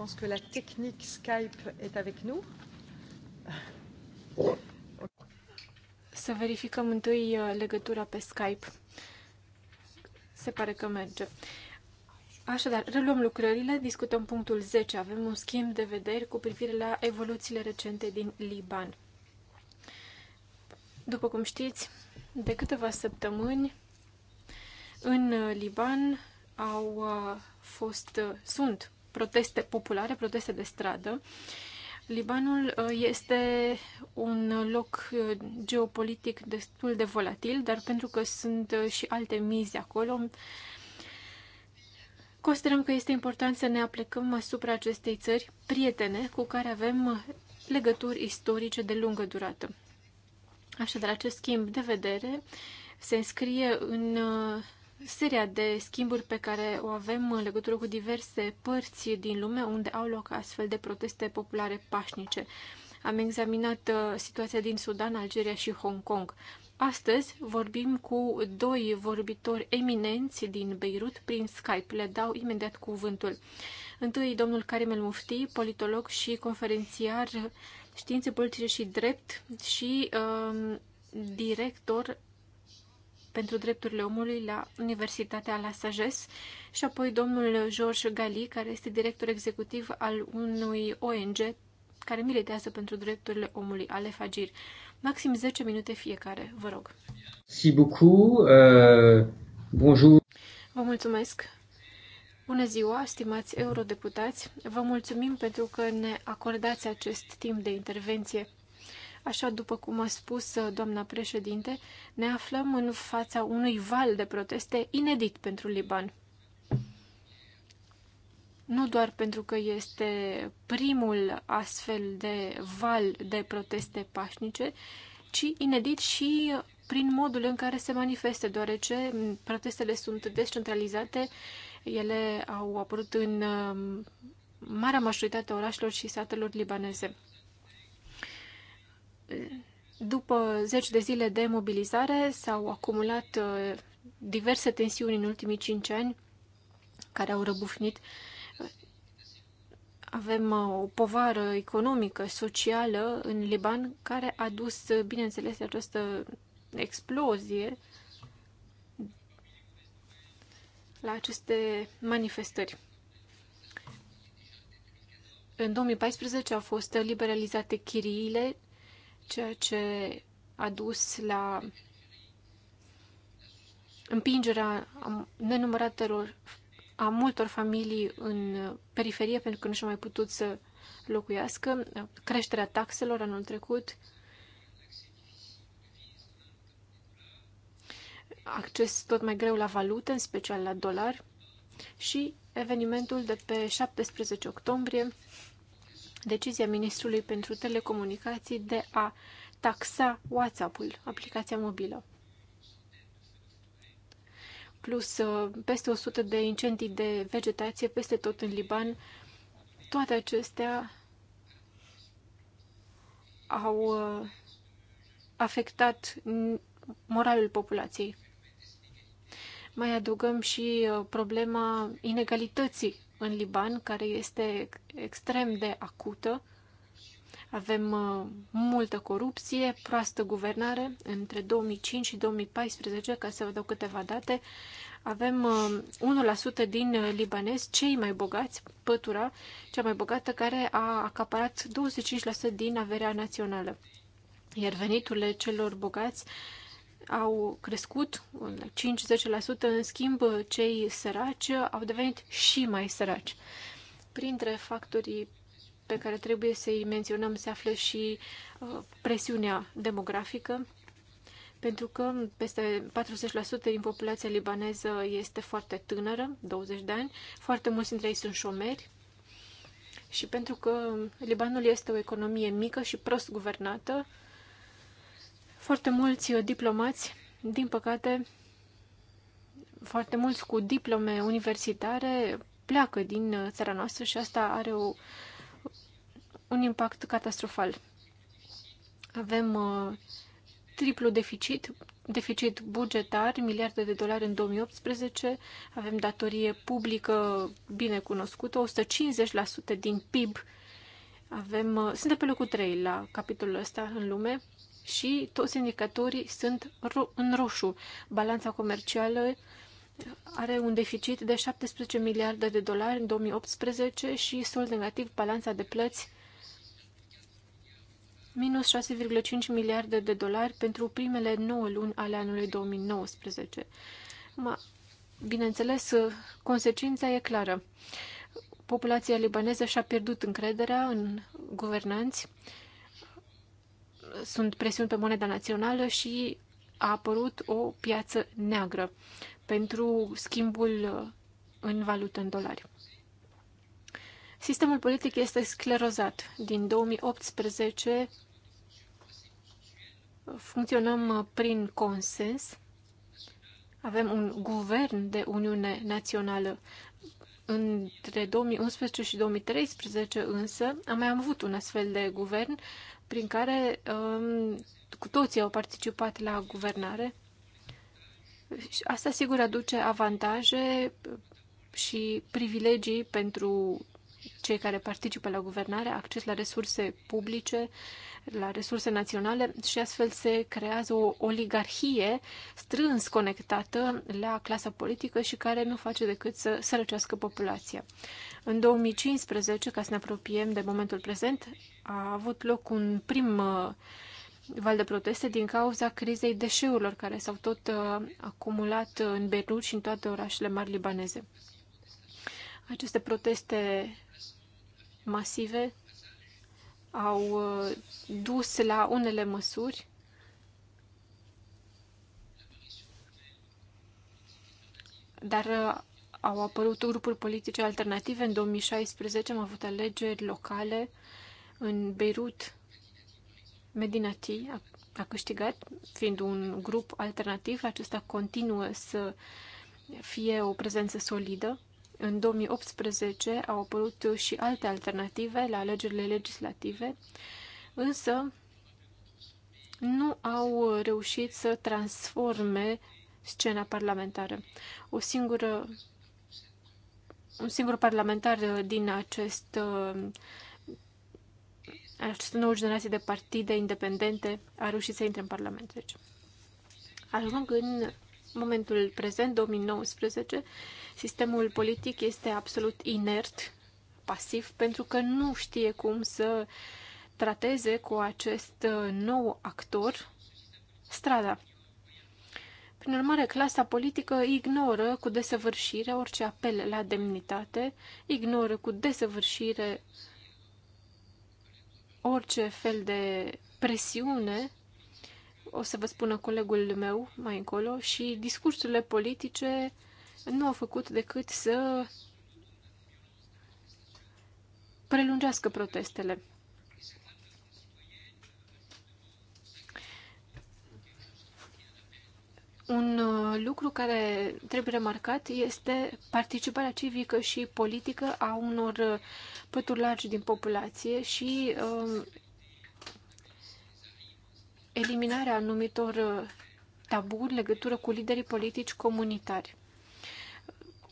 pense que la technique Skype est avec nous. Să verificăm întâi uh, legătura pe Skype. Se pare că merge. Așadar, reluăm lucrările, discutăm punctul 10. Avem un schimb de vederi cu privire la evoluțiile recente din Liban. După cum știți, de câteva săptămâni în Liban au uh, fost, uh, sunt proteste populare, proteste de stradă. Libanul uh, este un loc uh, geopolitic destul de volatil, dar pentru că sunt uh, și alte mize acolo, considerăm că este important să ne aplecăm asupra acestei țări prietene cu care avem legături istorice de lungă durată. Așadar, acest schimb de vedere se înscrie în seria de schimburi pe care o avem în legătură cu diverse părți din lume unde au loc astfel de proteste populare pașnice. Am examinat uh, situația din Sudan, Algeria și Hong Kong. Astăzi vorbim cu doi vorbitori eminenți din Beirut prin Skype. Le dau imediat cuvântul. Întâi, domnul Karim El Mufti, politolog și conferențiar științe politice și drept și um, director pentru drepturile omului la Universitatea La Sages și apoi domnul George Gali, care este director executiv al unui ONG care militează pentru drepturile omului, Ale Fagir. Maxim 10 minute fiecare, vă rog. Si beaucoup, uh, bonjour. Vă mulțumesc. Bună ziua, stimați eurodeputați. Vă mulțumim pentru că ne acordați acest timp de intervenție. Așa după cum a spus uh, doamna președinte, ne aflăm în fața unui val de proteste inedit pentru Liban. Nu doar pentru că este primul astfel de val de proteste pașnice, ci inedit și prin modul în care se manifeste, deoarece protestele sunt descentralizate, ele au apărut în uh, marea majoritate a orașelor și satelor libaneze după zeci de zile de mobilizare s-au acumulat uh, diverse tensiuni în ultimii cinci ani care au răbufnit. Avem uh, o povară economică, socială în Liban care a dus, uh, bineînțeles, această explozie la aceste manifestări. În 2014 au fost liberalizate chiriile ceea ce a dus la împingerea nenumăratelor a multor familii în periferie pentru că nu și-au mai putut să locuiască, creșterea taxelor anul trecut, acces tot mai greu la valute, în special la dolari și evenimentul de pe 17 octombrie, decizia Ministrului pentru Telecomunicații de a taxa WhatsApp-ul, aplicația mobilă. Plus uh, peste 100 de incendii de vegetație peste tot în Liban. Toate acestea au uh, afectat moralul populației. Mai adăugăm și uh, problema inegalității în Liban, care este extrem de acută. Avem uh, multă corupție, proastă guvernare. Între 2005 și 2014, ca să vă dau câteva date, avem 1% uh, din uh, libanezi, cei mai bogați, pătura cea mai bogată, care a acaparat 25% din averea națională. Iar veniturile celor bogați au crescut, 5-10%, în schimb cei săraci au devenit și mai săraci. Printre factorii pe care trebuie să-i menționăm se află și uh, presiunea demografică, pentru că peste 40% din populația libaneză este foarte tânără, 20 de ani, foarte mulți dintre ei sunt șomeri și pentru că Libanul este o economie mică și prost guvernată, foarte mulți uh, diplomați, din păcate, foarte mulți cu diplome universitare pleacă din uh, țara noastră și asta are o, un impact catastrofal. Avem uh, triplu deficit, deficit bugetar, miliarde de dolari în 2018, avem datorie publică bine cunoscută, 150% din PIB, avem, uh, suntem pe locul 3 la capitolul ăsta în lume, și toți indicatorii sunt în roșu. Balanța comercială are un deficit de 17 miliarde de dolari în 2018 și sol negativ balanța de plăți minus 6,5 miliarde de dolari pentru primele 9 luni ale anului 2019. Ma, bineînțeles, consecința e clară. Populația libaneză și-a pierdut încrederea în guvernanți sunt presiuni pe moneda națională și a apărut o piață neagră pentru schimbul uh, în valută în dolari. Sistemul politic este sclerozat. Din 2018 funcționăm uh, prin consens. Avem un guvern de Uniune Națională. Între 2011 și 2013 însă am mai avut un astfel de guvern prin care um, cu toții au participat la guvernare. Asta sigur aduce avantaje și privilegii pentru cei care participă la guvernare, acces la resurse publice, uh, la resurse naționale și astfel se creează o oligarhie strâns conectată la clasa politică și care nu face decât să sărăcească populația. În 2015, ca să ne apropiem de momentul prezent, a avut loc un prim uh, val de proteste din cauza crizei deșeurilor care s-au tot uh, acumulat în Beirut și în toate orașele mari libaneze. Aceste proteste masive au uh, dus la unele măsuri dar uh, au apărut grupuri politice alternative. În 2016 am avut alegeri locale în Beirut. Medinati a, a câștigat, fiind un grup alternativ. Acesta continuă să fie o prezență solidă. În 2018 au apărut și alte alternative la alegerile legislative, însă nu au reușit să transforme scena parlamentară. O singură, un singur parlamentar din acest, această nouă generație de partide independente a reușit să intre în Parlament. Deci. Ajung în momentul prezent, 2019, sistemul politic este absolut inert, pasiv, pentru că nu știe cum să trateze cu acest uh, nou actor strada. Prin urmare, clasa politică ignoră cu desăvârșire orice apel la demnitate, ignoră cu desăvârșire orice fel de presiune o să vă spună colegul meu mai încolo, și discursurile politice nu au făcut decât să prelungească protestele. Un uh, lucru care trebuie remarcat este participarea civică și politică a unor uh, pături largi din populație și um, eliminarea anumitor uh, taburi legătură cu liderii politici comunitari.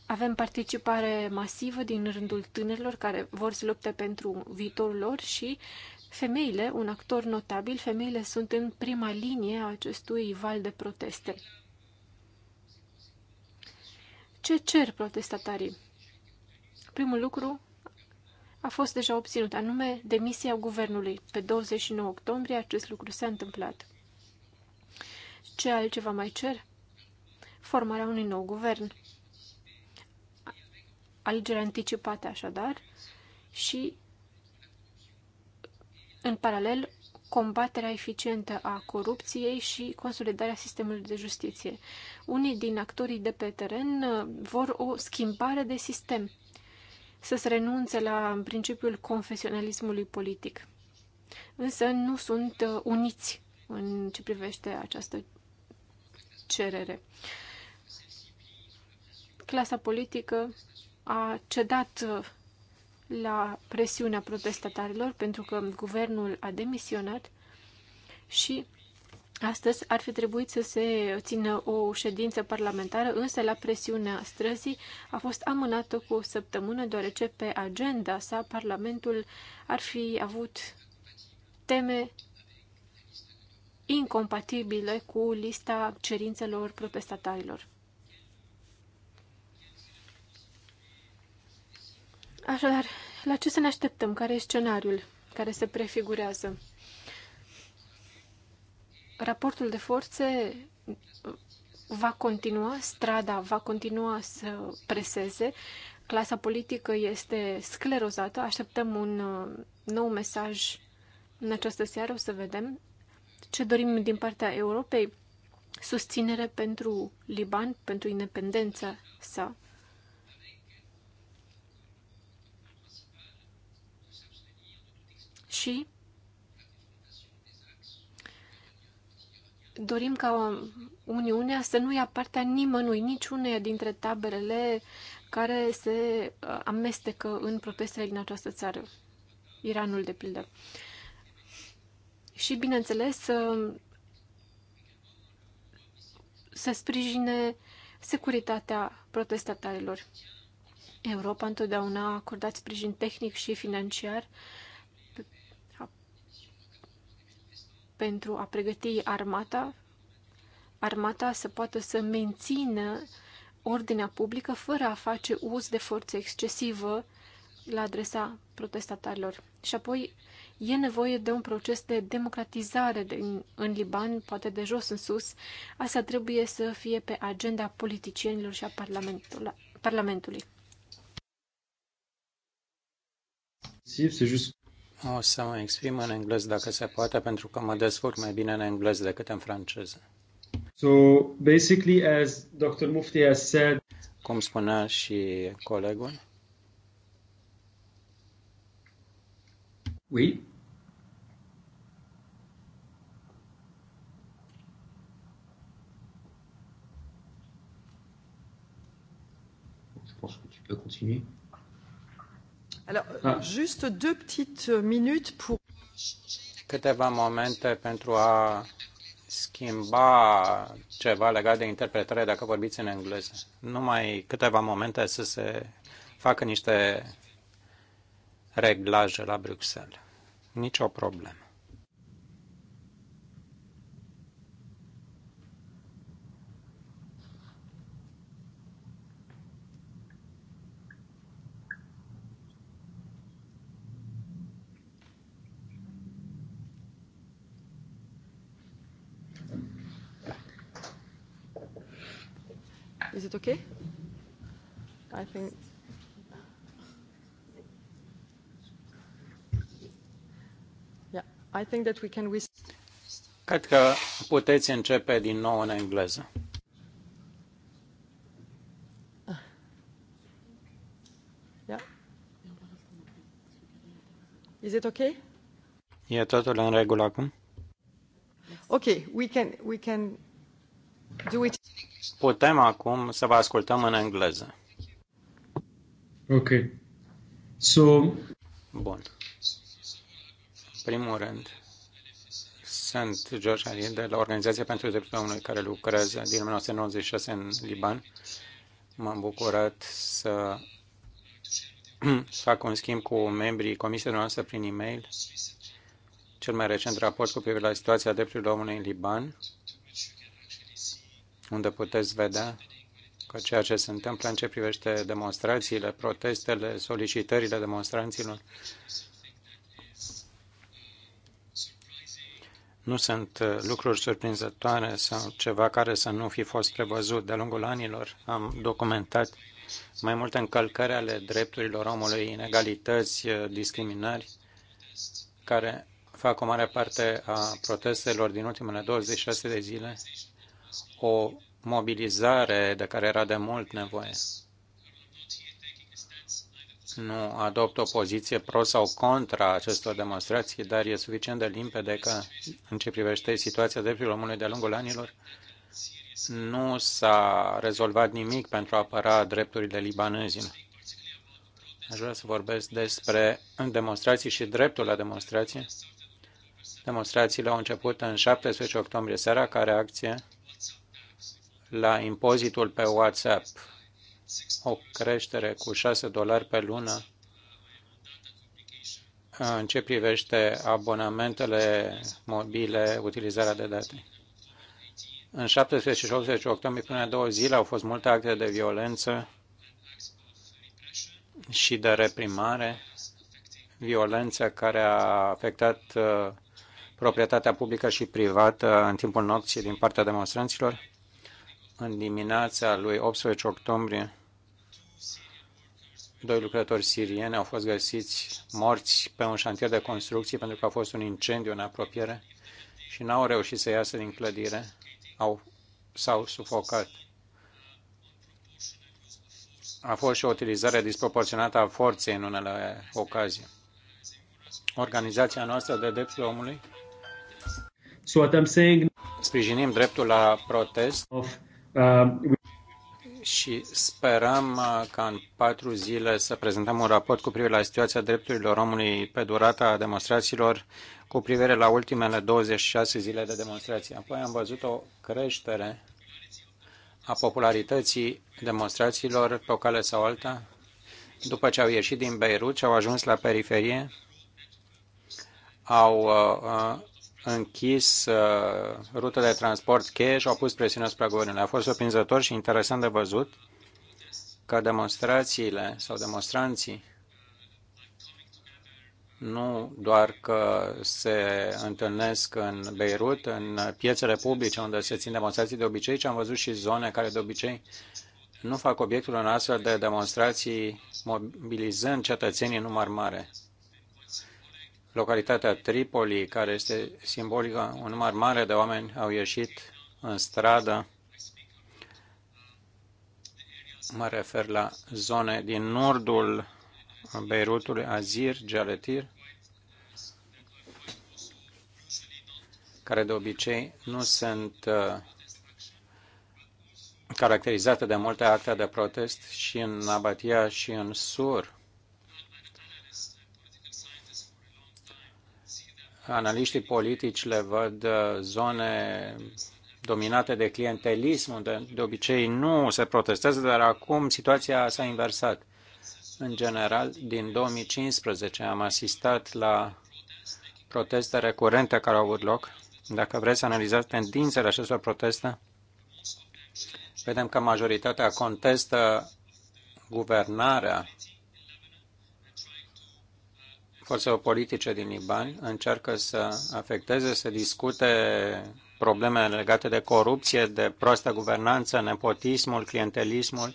Avem participare masivă din rândul tânărilor care vor să lupte pentru viitorul lor și femeile, un actor notabil, femeile sunt în prima linie a acestui val de proteste. Ce cer protestatarii? Primul lucru, a fost deja obținut, anume demisia guvernului. Pe 29 octombrie acest lucru s-a întâmplat. Ce altceva mai cer? Formarea unui nou guvern. alegerea anticipate așadar și, în paralel, combaterea eficientă a corupției și consolidarea sistemului de justiție. Unii din actorii de pe teren uh, vor o schimbare de sistem să se renunțe la principiul confesionalismului politic. Însă nu sunt uh, uniți în ce privește această cerere. Clasa politică a cedat uh, la presiunea protestatarilor pentru că guvernul a demisionat și Astăzi ar fi trebuit să se țină o ședință parlamentară, însă la presiunea străzii a fost amânată cu o săptămână, deoarece pe agenda sa Parlamentul ar fi avut teme incompatibile cu lista cerințelor protestatarilor. Așadar, la ce să ne așteptăm? Care e scenariul care se prefigurează? raportul de forțe va continua, strada va continua să preseze, clasa politică este sclerozată, așteptăm un uh, nou mesaj în această seară, o să vedem ce dorim din partea Europei, susținere pentru Liban, pentru independența sa. Și dorim ca Uniunea să nu ia partea nimănui, niciuneia dintre taberele care se uh, amestecă în protestele din această țară, Iranul de pildă. Și, bineînțeles, să, să sprijine securitatea protestatarilor. Europa întotdeauna a acordat sprijin tehnic și financiar uh, pentru a pregăti armata, armata să poată să mențină ordinea publică fără a face uz de forță excesivă la adresa protestatarilor. Și apoi e nevoie de un proces de democratizare din, în Liban, poate de jos în sus. Asta trebuie să fie pe agenda politicienilor și a Parlamentului. O să mă exprim în engleză dacă se poate, pentru că mă descurc mai bine în engleză decât în franceză. So basically, as Dr. Mufti has said, cum spunea și colegul, Oui. Je pense que tu peux continuer. Ah. juste deux petites minutes pour... Câteva momente pentru a schimba ceva legat de interpretare dacă vorbiți în engleză. Numai câteva momente să se facă niște reglaje la Bruxelles. Nicio problemă. it okay? I think. Yeah, I think that we can. Cred că puteți începe din nou în engleză. Ah. Yeah. Is it okay? E totul în regulă acum? Okay, we can we can Putem acum să vă ascultăm în engleză. Ok. So... Bun. În primul rând, sunt George Ali de la Organizația pentru Drepturile Omului care lucrează din 1996 în Liban. M-am bucurat să fac un schimb cu membrii comisiei noastre prin e-mail. Cel mai recent raport cu privire la situația drepturilor omului în Liban unde puteți vedea că ceea ce se întâmplă în ce privește demonstrațiile, protestele, solicitările demonstranților, nu sunt uh, lucruri surprinzătoare sau ceva care să nu fi fost prevăzut. De-a lungul anilor am documentat mai multe încălcări ale drepturilor omului, inegalități, uh, discriminări, care fac o mare parte a protestelor din ultimele 26 de zile o mobilizare de care era de mult nevoie. Nu adopt o poziție pro sau contra acestor demonstrații, dar e suficient de limpede că, în ce privește situația drepturilor omului de-a lungul anilor, nu s-a rezolvat nimic pentru a apăra drepturile libanezilor. Aș vrea să vorbesc despre demonstrații și dreptul la demonstrație. Demonstrațiile au început în 17 octombrie seara, care acție la impozitul pe WhatsApp, o creștere cu 6 dolari pe lună în ce privește abonamentele mobile, utilizarea de date. În 17 și 18 octombrie, până două zile, au fost multe acte de violență și de reprimare, violență care a afectat uh, proprietatea publică și privată în timpul nopții din partea demonstranților în dimineața lui 18 octombrie, doi lucrători sirieni au fost găsiți morți pe un șantier de construcții pentru că a fost un incendiu în apropiere și n-au reușit să iasă din clădire, au, s-au sufocat. A fost și o utilizare disproporționată a forței în unele ocazii. Organizația noastră de drepturi omului so what I'm saying... sprijinim dreptul la protest of și sperăm uh, ca în patru zile să prezentăm un raport cu privire la situația drepturilor omului pe durata demonstrațiilor cu privire la ultimele 26 zile de demonstrații. Apoi am văzut o creștere a popularității demonstrațiilor pe o cale sau alta. După ce au ieșit din Beirut și au ajuns la periferie, au uh, uh închis uh, rutele de transport cheie și au pus presiune asupra guvernului. A fost surprinzător și interesant de văzut că demonstrațiile sau demonstranții nu doar că se întâlnesc în Beirut, în piețele publice unde se țin demonstrații de obicei, ci am văzut și zone care de obicei nu fac obiectul în astfel de demonstrații mobilizând cetățenii în număr mare localitatea Tripoli, care este simbolică, un număr mare de oameni au ieșit în stradă. Mă refer la zone din nordul Beirutului, Azir, Jaletir, care de obicei nu sunt uh, caracterizate de multe acte de protest și în Abatia și în Sur analiștii politici le văd uh, zone dominate de clientelism, unde de obicei nu se protestează, dar acum situația s-a inversat. În general, din 2015 am asistat la proteste recurente care au avut loc. Dacă vreți să analizați tendințele acestor proteste, vedem că majoritatea contestă guvernarea forțelor politice din Liban încearcă să afecteze, să discute probleme legate de corupție, de proastă guvernanță, nepotismul, clientelismul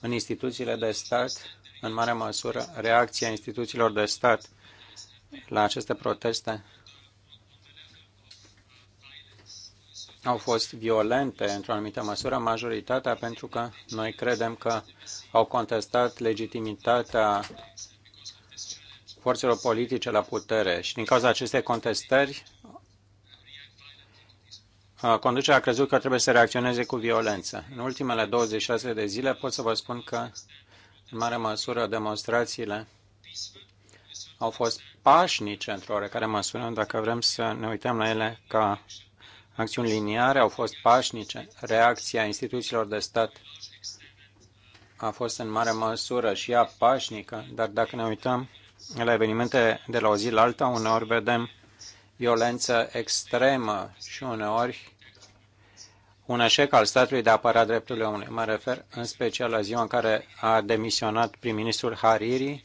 în instituțiile de stat, în mare măsură reacția instituțiilor de stat la aceste proteste au fost violente într-o anumită măsură, majoritatea pentru că noi credem că au contestat legitimitatea forțelor politice la putere și din cauza acestei contestări, uh, conducerea a crezut că trebuie să reacționeze cu violență. În ultimele 26 de zile pot să vă spun că, în mare măsură, demonstrațiile au fost pașnice într-o oarecare măsură, dacă vrem să ne uităm la ele ca acțiuni liniare, au fost pașnice. Reacția instituțiilor de stat a fost în mare măsură și ea pașnică, dar dacă ne uităm la evenimente de la o zi la alta, uneori vedem violență extremă și uneori un eșec al statului de a apăra drepturile omului. Mă refer în special la ziua în care a demisionat prim-ministrul Hariri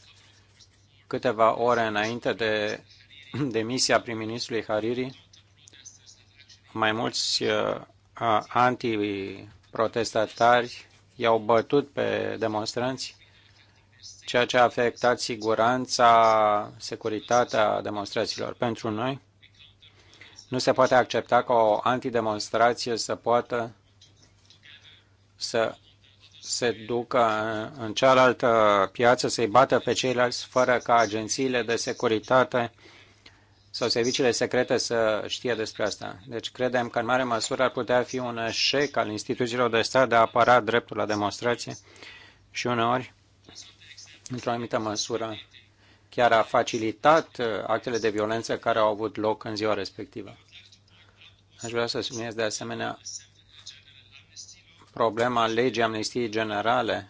câteva ore înainte de demisia prim-ministrului Hariri. Mai mulți uh, antiprotestatari i-au bătut pe demonstranți ceea ce a afectat siguranța, securitatea demonstrațiilor. Pentru noi, nu se poate accepta ca o antidemonstrație să poată să se ducă în cealaltă piață, să-i bată pe ceilalți fără ca agențiile de securitate sau serviciile secrete să știe despre asta. Deci credem că în mare măsură ar putea fi un eșec al instituțiilor de stat de a apăra dreptul la demonstrație și uneori într-o anumită măsură, chiar a facilitat uh, actele de violență care au avut loc în ziua respectivă. Aș vrea să subliniez de asemenea problema legii amnistiei generale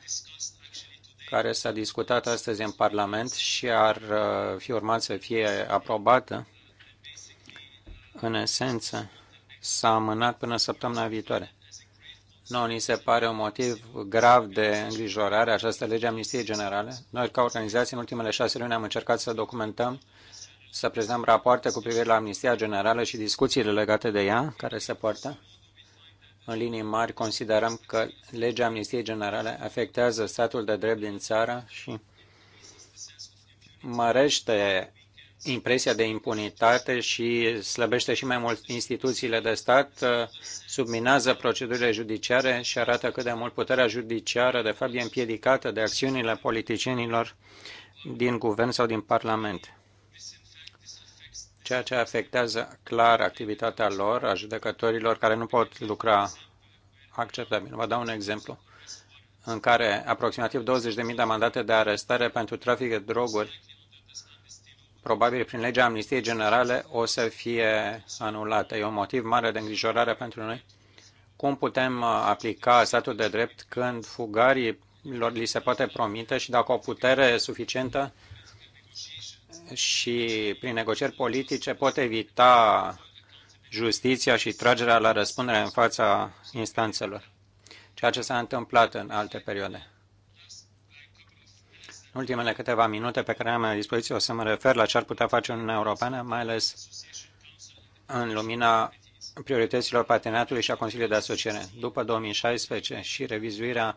care s-a discutat astăzi în Parlament și ar uh, fi urmat să fie aprobată. În esență, s-a amânat până săptămâna viitoare. Nu, ni se pare un motiv grav de îngrijorare această lege amnistiei generale. Noi, ca organizație, în ultimele șase luni am încercat să documentăm, să prezentăm rapoarte cu privire la amnistia generală și discuțiile legate de ea care se poartă. În linii mari considerăm că legea amnistiei generale afectează statul de drept din țară și mărește impresia de impunitate și slăbește și mai mult instituțiile de stat, uh, subminează procedurile judiciare și arată cât de mult puterea judiciară de fapt e împiedicată de acțiunile politicienilor din guvern sau din parlament. Ceea ce afectează clar activitatea lor, a judecătorilor care nu pot lucra acceptabil. Vă dau un exemplu în care aproximativ 20.000 de mandate de arestare pentru trafic de droguri probabil prin legea amnistiei generale, o să fie anulată. E un motiv mare de îngrijorare pentru noi. Cum putem uh, aplica statul de drept când fugarii lor li se poate promite și dacă o putere suficientă și prin negocieri politice pot evita justiția și tragerea la răspundere în fața instanțelor, ceea ce s-a întâmplat în alte perioade. În ultimele câteva minute pe care am la dispoziție o să mă refer la ce ar putea face Uniunea Europeană, mai ales în lumina priorităților parteneriatului și a Consiliului de Asociere. După 2016 și revizuirea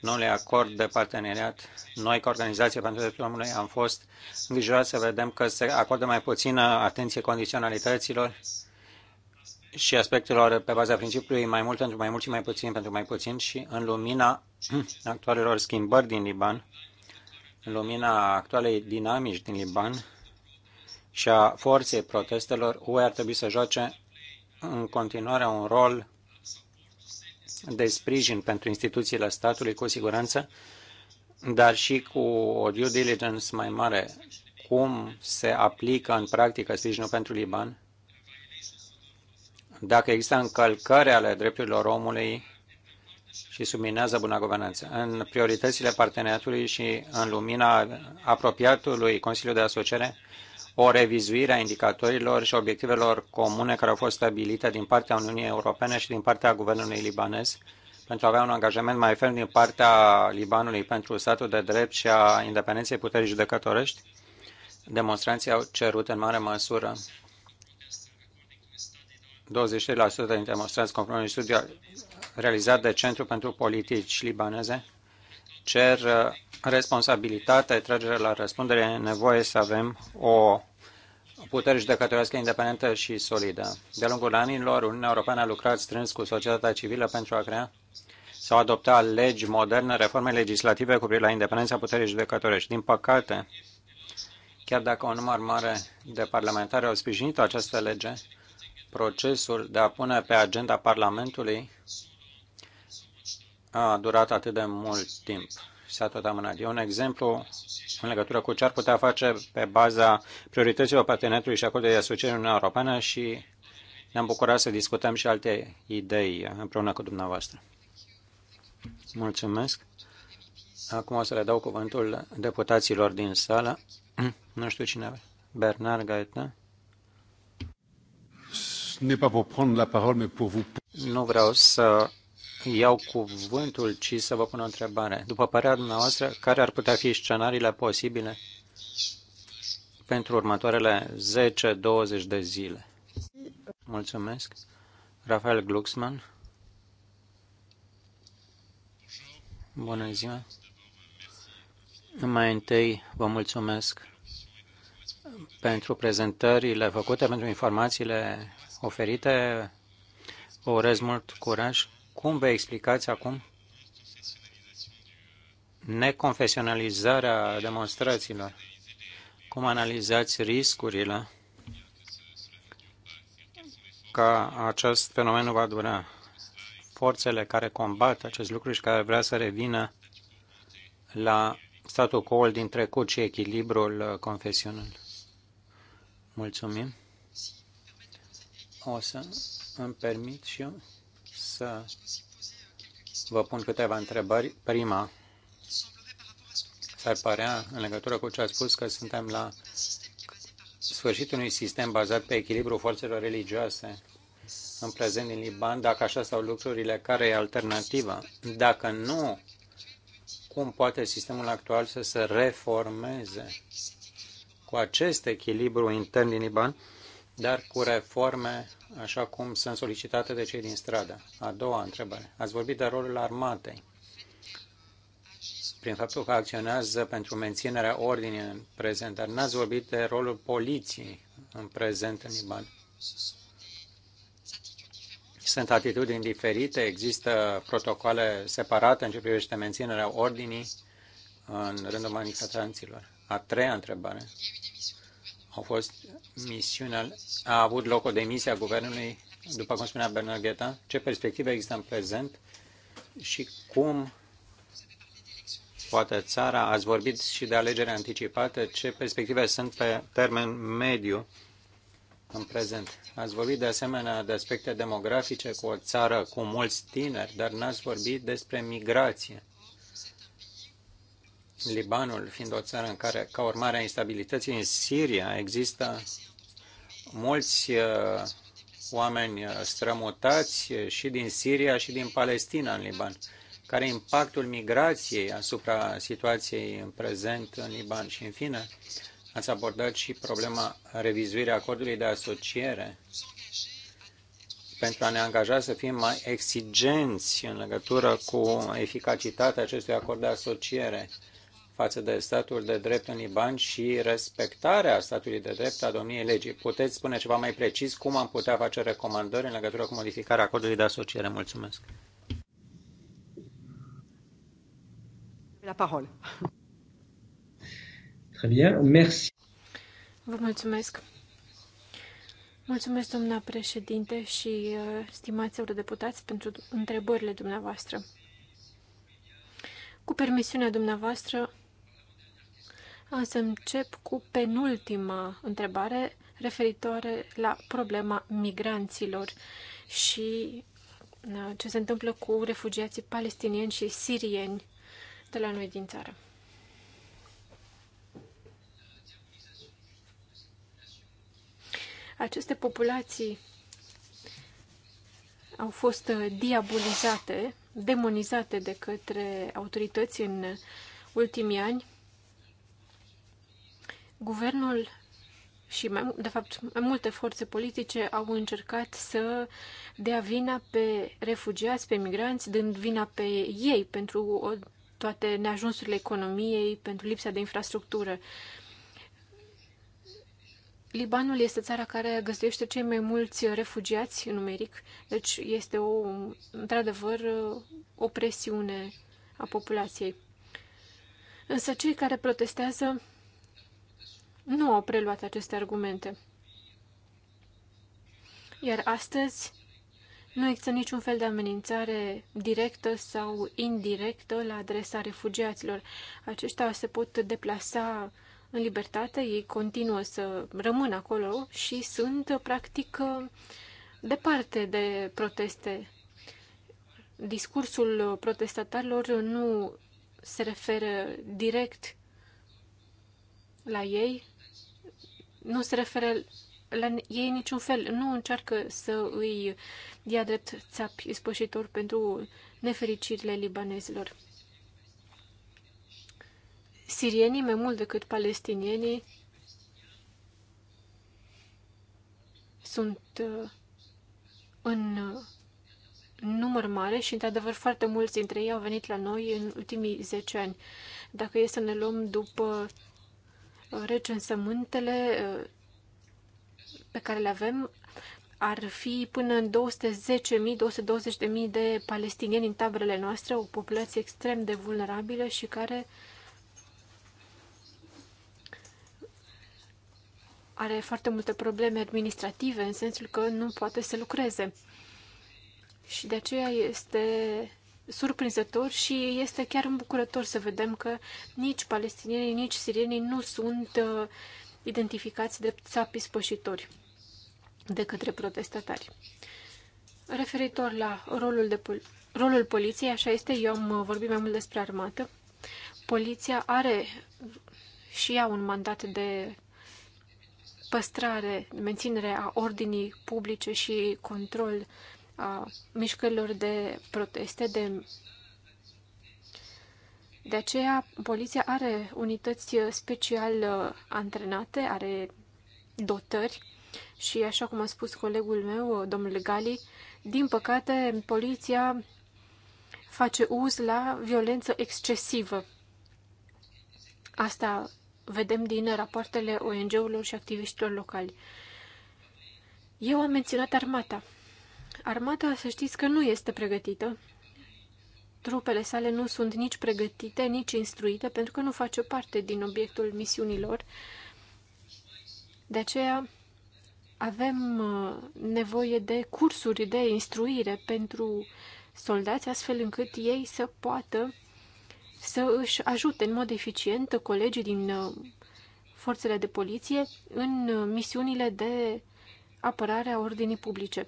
noului acord de parteneriat, noi ca Organizație pentru Drepturile Omului am fost îngrijorați să vedem că se acordă mai puțină atenție condiționalităților și aspectelor pe baza principiului mai mult pentru mai mult și mai puțin pentru mai puțin și în lumina actualelor schimbări din Liban, în lumina actualei dinamici din Liban și a forței protestelor, UE ar trebui să joace în continuare un rol de sprijin pentru instituțiile statului, cu siguranță, dar și cu o due diligence mai mare. Cum se aplică în practică sprijinul pentru Liban? Dacă există încălcări ale drepturilor omului și subminează buna guvernanță. În prioritățile parteneriatului și în lumina apropiatului Consiliu de Asociere, o revizuire a indicatorilor și obiectivelor comune care au fost stabilite din partea Uniunii Europene și din partea guvernului libanez pentru a avea un angajament mai ferm din partea Libanului pentru statul de drept și a independenței puterii judecătorești. Demonstranții au cerut în mare măsură 23% dintre demonstranți conform unui studiu realizat de Centrul pentru Politici Libaneze, cer uh, responsabilitate, tragere la răspundere, nevoie să avem o putere judecătorească independentă și solidă. De-a lungul anilor, Uniunea Europeană a lucrat strâns cu societatea civilă pentru a crea sau adopta legi moderne, reforme legislative cu privire la independența puterii judecătorești. Din păcate, chiar dacă un număr mare de parlamentari au sprijinit această lege, procesul de a pune pe agenda Parlamentului a durat atât de mult timp și s-a tot amânat. E un exemplu în legătură cu ce ar putea face pe baza priorităților parteneriatului și acordului de asociere în Uniunea Europeană și ne-am bucurat să discutăm și alte idei împreună cu dumneavoastră. Mulțumesc. Acum o să le dau cuvântul deputaților din sală. Nu știu cine. Bernard Gaeta. Nu vreau să iau cuvântul, ci să vă pun o întrebare. După părerea dumneavoastră, care ar putea fi scenariile posibile pentru următoarele 10-20 de zile? Mulțumesc. Rafael Glucksmann. Bună ziua. Mai întâi vă mulțumesc pentru prezentările făcute, pentru informațiile oferite. Vă urez mult curaj cum vă explicați acum neconfesionalizarea demonstrațiilor? Cum analizați riscurile că acest fenomen nu va dura? Forțele care combat acest lucru și care vrea să revină la statul quo din trecut și echilibrul confesional. Mulțumim. O să îmi permit și eu să vă pun câteva întrebări. Prima, s-ar părea, în legătură cu ce a spus, că suntem la sfârșitul unui sistem bazat pe echilibru forțelor religioase în prezent din Liban, dacă așa stau lucrurile, care e alternativa? Dacă nu, cum poate sistemul actual să se reformeze cu acest echilibru intern din Liban, dar cu reforme așa cum sunt solicitate de cei din stradă. A doua întrebare. Ați vorbit de rolul armatei. Prin faptul că acționează pentru menținerea ordinii în prezent, dar n-ați vorbit de rolul poliției în prezent în Liban. Sunt atitudini diferite, există protocoale separate în ce privește menținerea ordinii în rândul manifestanților. A treia întrebare au fost misiunea, a avut loc o demisie a guvernului, după cum spunea Bernard Bernadetta, ce perspective există în prezent și cum poate țara, ați vorbit și de alegeri anticipate, ce perspective sunt pe termen mediu în prezent. Ați vorbit de asemenea de aspecte demografice cu o țară cu mulți tineri, dar n-ați vorbit despre migrație. Libanul fiind o țară în care, ca urmare a instabilității în Siria, există mulți uh, oameni uh, strămutați uh, și din Siria și din Palestina în Liban. Care impactul migrației asupra situației în prezent în Liban? Și, în fine, ați abordat și problema revizuirii acordului de asociere pentru a ne angaja să fim mai exigenți în legătură cu eficacitatea acestui acord de asociere față de statul de drept în Liban și respectarea statului de drept a domniei legii. Puteți spune ceva mai precis cum am putea face recomandări în legătură cu modificarea acordului de asociere? Mulțumesc. La parole. Très bien, merci. Vă mulțumesc. Mulțumesc, doamna președinte și uh, stimați eurodeputați, pentru întrebările dumneavoastră. Cu permisiunea dumneavoastră, am să încep cu penultima întrebare referitoare la problema migranților și uh, ce se întâmplă cu refugiații palestinieni și sirieni de la noi din țară. Aceste populații au fost uh, diabolizate, demonizate de către autorități în ultimii ani Guvernul și, mai, de fapt, mai multe forțe politice au încercat să dea vina pe refugiați, pe migranți, dând vina pe ei pentru o, toate neajunsurile economiei, pentru lipsa de infrastructură. Libanul este țara care găsește cei mai mulți refugiați numeric, deci este o, într-adevăr o presiune a populației. Însă cei care protestează nu au preluat aceste argumente. Iar astăzi nu există niciun fel de amenințare directă sau indirectă la adresa refugiaților. Aceștia se pot deplasa în libertate, ei continuă să rămână acolo și sunt, practic, departe de proteste. Discursul protestatarilor nu se referă direct la ei, nu se referă la ei niciun fel, nu încearcă să îi dea drept țapi ispășitor pentru nefericirile libanezilor. Sirienii, mai mult decât palestinienii, sunt uh, în uh, număr mare și, într-adevăr, foarte mulți dintre ei au venit la noi în ultimii 10 ani. Dacă e să ne luăm după recensământele uh, pe care le avem ar fi până în 210.000-220.000 de palestinieni în taberele noastre, o populație extrem de vulnerabilă și care are foarte multe probleme administrative, în sensul că nu poate să lucreze. Și de aceea este surprinzător și este chiar îmbucurător să vedem că nici palestinienii, nici sirienii nu sunt uh, identificați de țapi spășitori de către protestatari. Referitor la rolul, de pol- rolul poliției, așa este, eu am uh, vorbit mai mult despre armată. Poliția are și ea un mandat de păstrare, menținere a ordinii publice și control uh, a mișcărilor de proteste, de de aceea, poliția are unități uh, special uh, antrenate, are dotări și, așa cum a spus colegul meu, uh, domnul Gali, din păcate, poliția face uz la violență excesivă. Asta vedem din rapoartele ONG-urilor și activiștilor locali. Eu am menționat armata. Armata, să știți că nu este pregătită. Trupele sale nu sunt nici pregătite, nici instruite, pentru că nu face parte din obiectul misiunilor. De aceea avem uh, nevoie de cursuri de instruire pentru soldați, astfel încât ei să poată să își ajute în mod eficient colegii din uh, forțele de poliție în uh, misiunile de apărare a ordinii publice.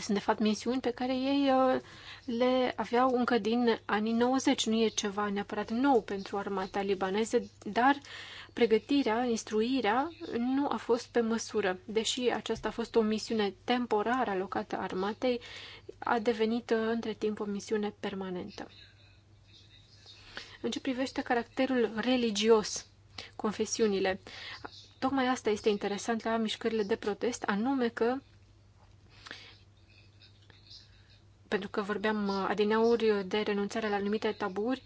Sunt, de fapt, misiuni pe care ei uh, le aveau încă din anii 90. Nu e ceva neapărat nou pentru armata libaneză, dar pregătirea, instruirea nu a fost pe măsură. Deși aceasta a fost o misiune temporară alocată armatei, a devenit uh, între timp o misiune permanentă. În ce privește caracterul religios, confesiunile, tocmai asta este interesant la mișcările de protest, anume că pentru că vorbeam uh, adineauri de renunțarea la anumite taburi,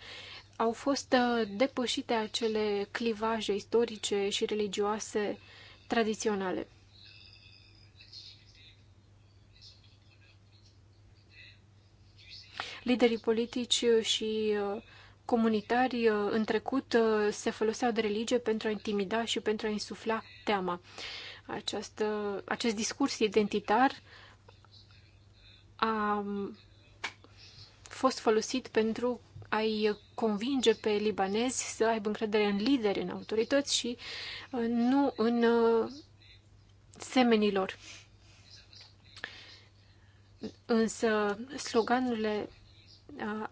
au fost uh, depășite acele clivaje istorice și religioase tradiționale. Liderii politici și uh, comunitari în trecut se foloseau de religie pentru a intimida și pentru a insufla teama. Această, acest discurs identitar a fost folosit pentru a-i convinge pe libanezi să aibă încredere în lideri, în autorități și uh, nu în uh, semenilor. Însă sloganurile uh,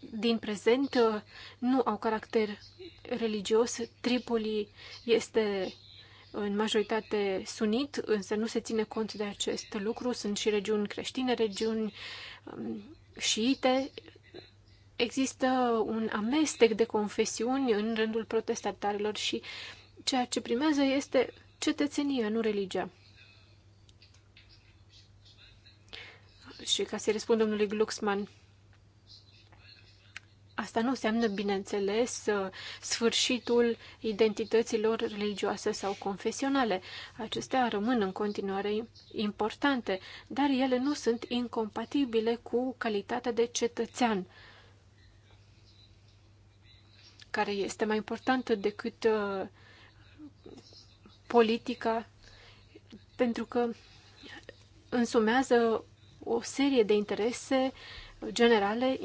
din prezent nu au caracter religios. Tripoli este în majoritate sunit, însă nu se ține cont de acest lucru. Sunt și regiuni creștine, regiuni um, șiite. Există un amestec de confesiuni în rândul protestatarilor și ceea ce primează este cetățenia, nu religia. Și ca să-i răspund domnului Glucksmann, Asta nu înseamnă, bineînțeles, uh, sfârșitul identităților religioase sau confesionale. Acestea rămân în continuare importante, dar ele nu sunt incompatibile cu calitatea de cetățean, care este mai importantă decât uh, politica, pentru că însumează o serie de interese generale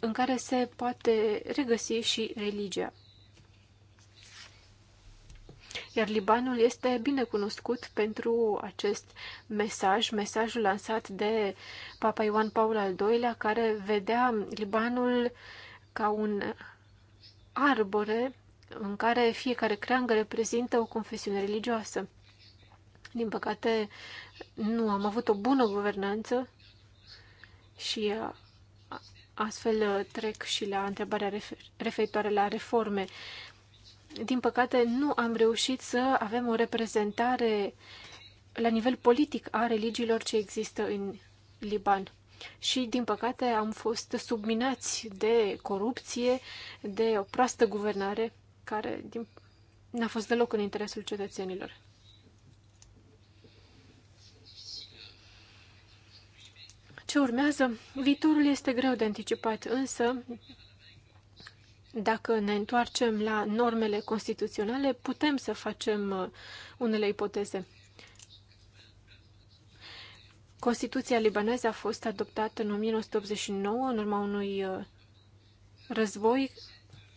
în care se poate regăsi și religia. Iar Libanul este bine cunoscut pentru acest mesaj, mesajul lansat de Papa Ioan Paul al II-lea, care vedea Libanul ca un arbore în care fiecare creangă reprezintă o confesiune religioasă. Din păcate, nu am avut o bună guvernanță și Astfel uh, trec și la întrebarea referitoare la reforme. Din păcate, nu am reușit să avem o reprezentare la nivel politic a religiilor ce există în Liban. Și, din păcate, am fost subminați de corupție, de o proastă guvernare, care n-a fost deloc în interesul cetățenilor. ce urmează, viitorul este greu de anticipat, însă dacă ne întoarcem la normele constituționale, putem să facem uh, unele ipoteze. Constituția libaneză a fost adoptată în 1989 în urma unui uh, război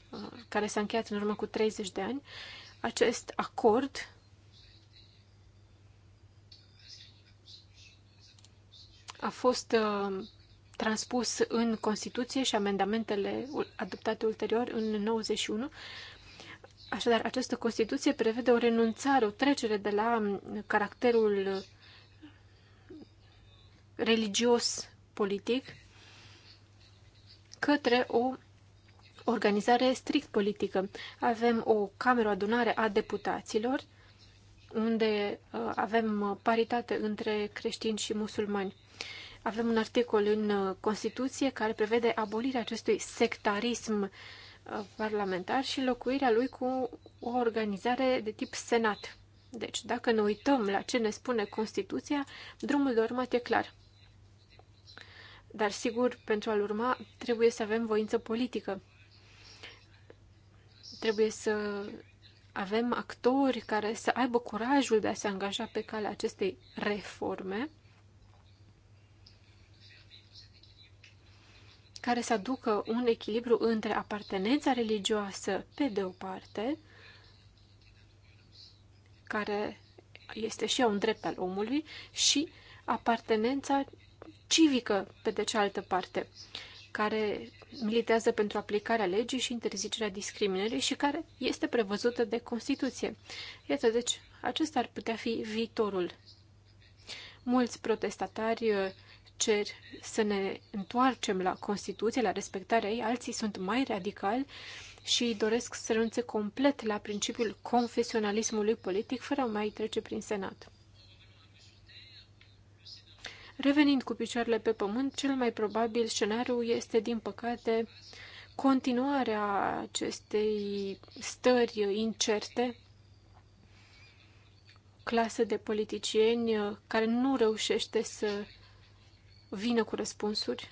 uh, care s-a încheiat în urmă cu 30 de ani. Acest acord a fost uh, transpus în Constituție și amendamentele adoptate ulterior în 91. Așadar, această Constituție prevede o renunțare, o trecere de la um, caracterul religios politic către o organizare strict politică. Avem o cameră adunare a deputaților unde uh, avem uh, paritate între creștini și musulmani. Avem un articol în uh, Constituție care prevede abolirea acestui sectarism parlamentar și locuirea lui cu o organizare de tip senat. Deci, dacă ne uităm la ce ne spune Constituția, drumul de urmat e clar. Dar, sigur, pentru a-l urma, trebuie să avem voință politică. Trebuie să avem actori care să aibă curajul de a se angaja pe calea acestei reforme, care să aducă un echilibru între apartenența religioasă, pe de o parte, care este și un drept al omului, și apartenența civică, pe de cealaltă parte, care militează pentru aplicarea legii și interzicerea discriminării și care este prevăzută de Constituție. Iată, deci, acesta ar putea fi viitorul. Mulți protestatari uh, cer să ne întoarcem la Constituție, la respectarea ei, alții sunt mai radicali și doresc să renunțe complet la principiul confesionalismului politic fără a mai trece prin Senat. Revenind cu picioarele pe pământ, cel mai probabil scenariu este, din păcate, continuarea acestei stări incerte, clasă de politicieni care nu reușește să vină cu răspunsuri,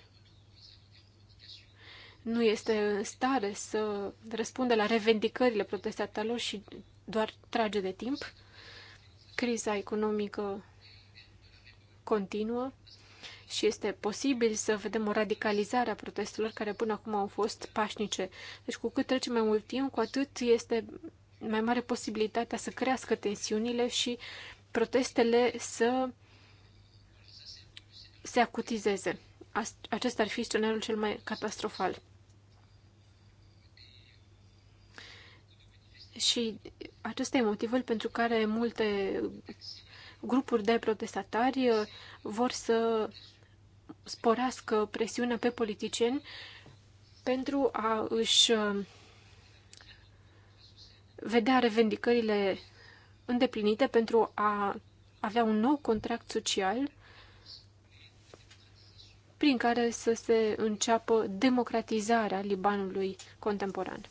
nu este în stare să răspundă la revendicările protestatelor și doar trage de timp. Criza economică continuă și este posibil să vedem o radicalizare a protestelor care până acum au fost pașnice. Deci cu cât trece mai mult timp, cu atât este mai mare posibilitatea să crească tensiunile și protestele să se acutizeze. Acesta ar fi scenariul cel mai catastrofal. Și acesta e motivul pentru care multe grupuri de protestatari uh, vor să sporească presiunea pe politicieni pentru a își uh, vedea revendicările îndeplinite, pentru a avea un nou contract social prin care să se înceapă democratizarea Libanului contemporan.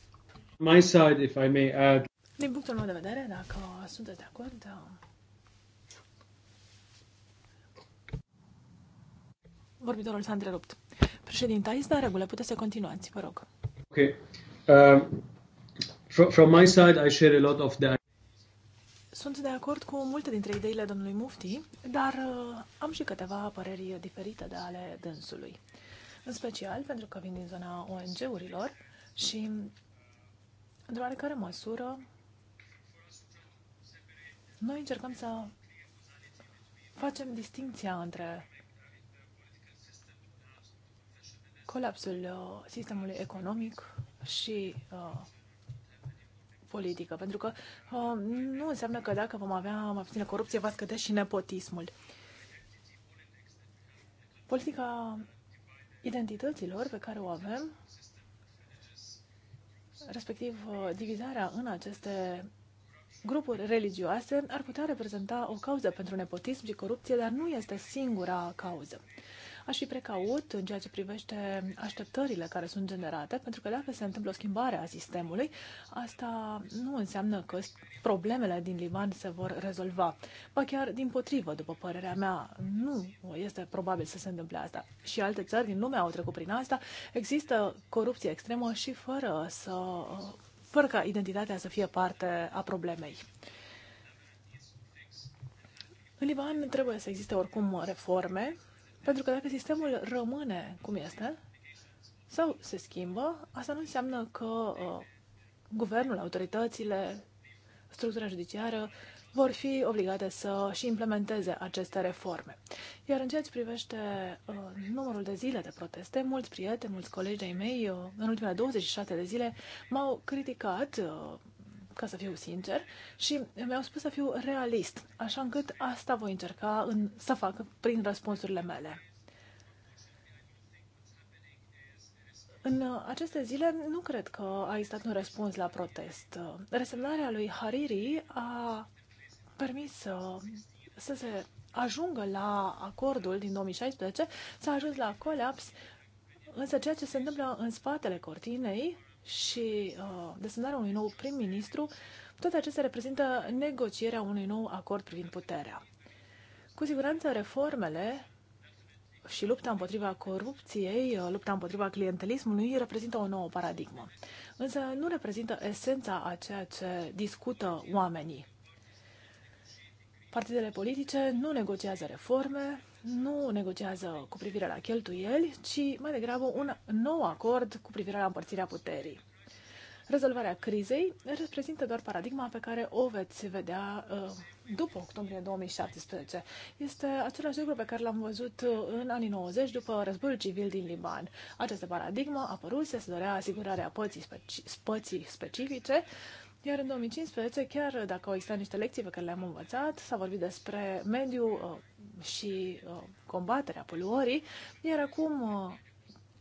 My side, if I may add... Din punctul meu de vedere, dacă sunteți de acord, Vorbitorul s-a întrerupt. Președinte, este în regulă, puteți să continuați, vă rog. Ok. Um, from, from my side, I share a lot of the sunt de acord cu multe dintre ideile domnului Mufti, dar uh, am și câteva păreri diferite de ale dânsului. În special pentru că vin din zona ONG-urilor și, într-o oarecare măsură, noi încercăm să facem distinția între colapsul uh, sistemului economic și uh, politică, pentru că uh, nu înseamnă că dacă vom avea mai puțină corupție, va scădea și nepotismul. Politica identităților pe care o avem, respectiv uh, divizarea în aceste grupuri religioase, ar putea reprezenta o cauză pentru nepotism și corupție, dar nu este singura cauză. Aș fi precaut în ceea ce privește așteptările care sunt generate, pentru că dacă se întâmplă o schimbare a sistemului, asta nu înseamnă că problemele din Liban se vor rezolva. Ba chiar din potrivă, după părerea mea, nu este probabil să se întâmple asta. Și alte țări din lume au trecut prin asta. Există corupție extremă și fără să fără ca identitatea să fie parte a problemei. În Liban trebuie să existe oricum reforme pentru că dacă sistemul rămâne cum este sau se schimbă, asta nu înseamnă că uh, guvernul, autoritățile, structura judiciară vor fi obligate să și implementeze aceste reforme. Iar în ceea ce privește uh, numărul de zile de proteste, mulți prieteni, mulți colegi de-ai mei, uh, în ultimele 27 de zile, m-au criticat uh, ca să fiu sincer, și mi-au spus să fiu realist, așa încât asta voi încerca în, să fac prin răspunsurile mele. În aceste zile nu cred că a existat un răspuns la protest. Resemnarea lui Hariri a permis să, uh, să se ajungă la acordul din 2016, s-a ajuns la colaps, însă ceea ce se întâmplă în spatele cortinei și uh, desemnarea unui nou prim-ministru, toate acestea reprezintă negocierea unui nou acord privind puterea. Cu siguranță, reformele și lupta împotriva corupției, uh, lupta împotriva clientelismului reprezintă o nouă paradigmă. Însă nu reprezintă esența a ceea ce discută oamenii. Partidele politice nu negociază reforme, nu negociază cu privire la cheltuieli, ci mai degrabă un nou acord cu privire la împărțirea puterii. Rezolvarea crizei reprezintă doar paradigma pe care o veți vedea uh, după octombrie 2017. Este același lucru pe care l-am văzut uh, în anii 90 după războiul civil din Liban. Această paradigmă a apărut, se dorea asigurarea pății, speci- specifice, iar în 2015, chiar dacă au existat niște lecții pe care le-am învățat, s-a vorbit despre mediu uh, și uh, combaterea poluării, iar acum uh,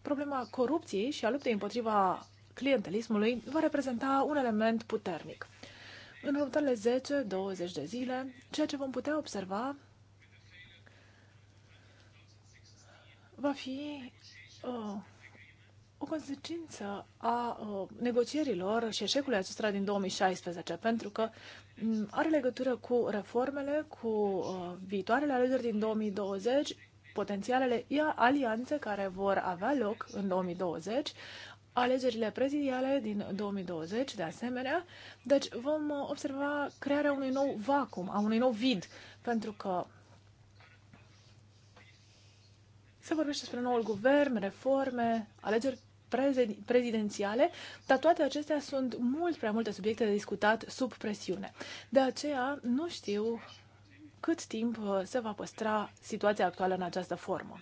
problema corupției și a luptei împotriva clientelismului va reprezenta un element puternic. În următoarele 10-20 de zile, ceea ce vom putea observa va fi uh, o consecință a uh, negocierilor și eșecului acestora din 2016, pentru că mm, are legătură cu reformele, cu uh, viitoarele alegeri din 2020, potențialele alianțe care vor avea loc în 2020, alegerile prezidiale din 2020, de asemenea. Deci vom uh, observa crearea unui nou vacum, a unui nou vid, pentru că Se vorbește despre noul guvern, reforme, alegeri prezidențiale, dar toate acestea sunt mult prea multe subiecte de discutat sub presiune. De aceea nu știu cât timp uh, se va păstra situația actuală în această formă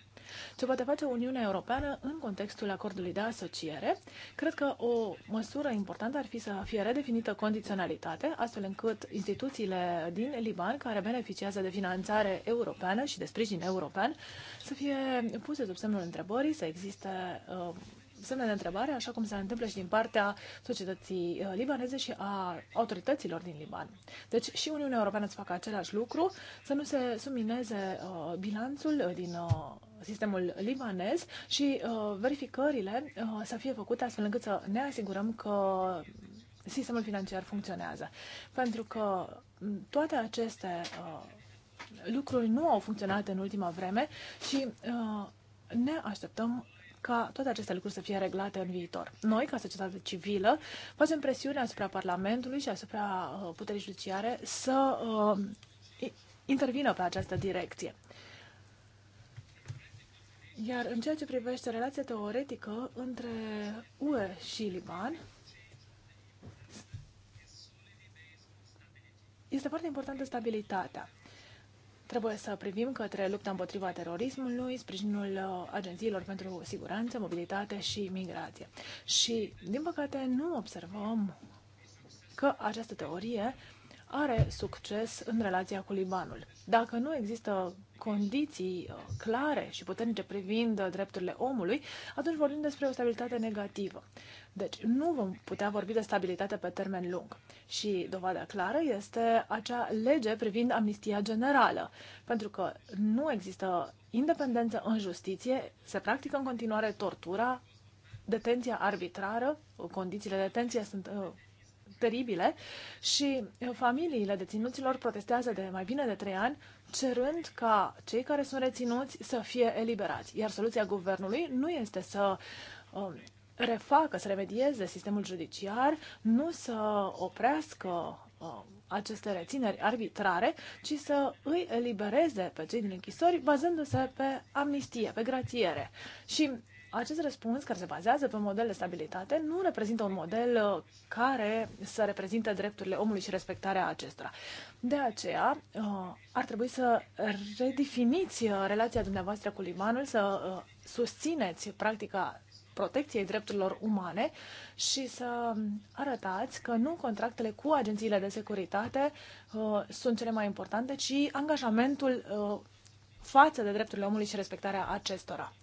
ce poate face Uniunea Europeană în contextul acordului de asociere. Cred că o măsură importantă ar fi să fie redefinită condiționalitate, astfel încât instituțiile din Liban care beneficiază de finanțare europeană și de sprijin european să fie puse sub semnul întrebării, să existe uh, semne de întrebare, așa cum se întâmplă și din partea societății uh, libaneze și a autorităților din Liban. Deci și Uniunea Europeană să facă același lucru, să nu se sumineze uh, bilanțul uh, din uh, sistemul libanez și uh, verificările uh, să fie făcute astfel încât să ne asigurăm că sistemul financiar funcționează. Pentru că toate aceste uh, lucruri nu au funcționat în ultima vreme și uh, ne așteptăm ca toate aceste lucruri să fie reglate în viitor. Noi, ca societate civilă, facem presiune asupra Parlamentului și asupra uh, puterii judiciare să uh, intervină pe această direcție. Iar în ceea ce privește relația teoretică între UE și Liban, este foarte importantă stabilitatea. Trebuie să privim către lupta împotriva terorismului, sprijinul uh, agențiilor pentru siguranță, mobilitate și migrație. Și, din păcate, nu observăm că această teorie are succes în relația cu Libanul. Dacă nu există condiții uh, clare și puternice privind uh, drepturile omului, atunci vorbim despre o stabilitate negativă. Deci nu vom putea vorbi de stabilitate pe termen lung. Și dovada clară este acea lege privind amnistia generală, pentru că nu există independență în justiție, se practică în continuare tortura, detenția arbitrară, condițiile de detenție sunt uh, teribile și familiile deținuților protestează de mai bine de trei ani cerând ca cei care sunt reținuți să fie eliberați. Iar soluția guvernului nu este să um, refacă, să remedieze sistemul judiciar, nu să oprească um, aceste rețineri arbitrare, ci să îi elibereze pe cei din închisori bazându-se pe amnistie, pe grațiere. Și acest răspuns, care se bazează pe un model de stabilitate, nu reprezintă un model uh, care să reprezinte drepturile omului și respectarea acestora. De aceea, uh, ar trebui să redefiniți uh, relația dumneavoastră cu Libanul, să susțineți practica protecției drepturilor umane și să arătați că nu contractele cu agențiile de securitate sunt cele mai importante, ci angajamentul față de drepturile omului și respectarea acestora.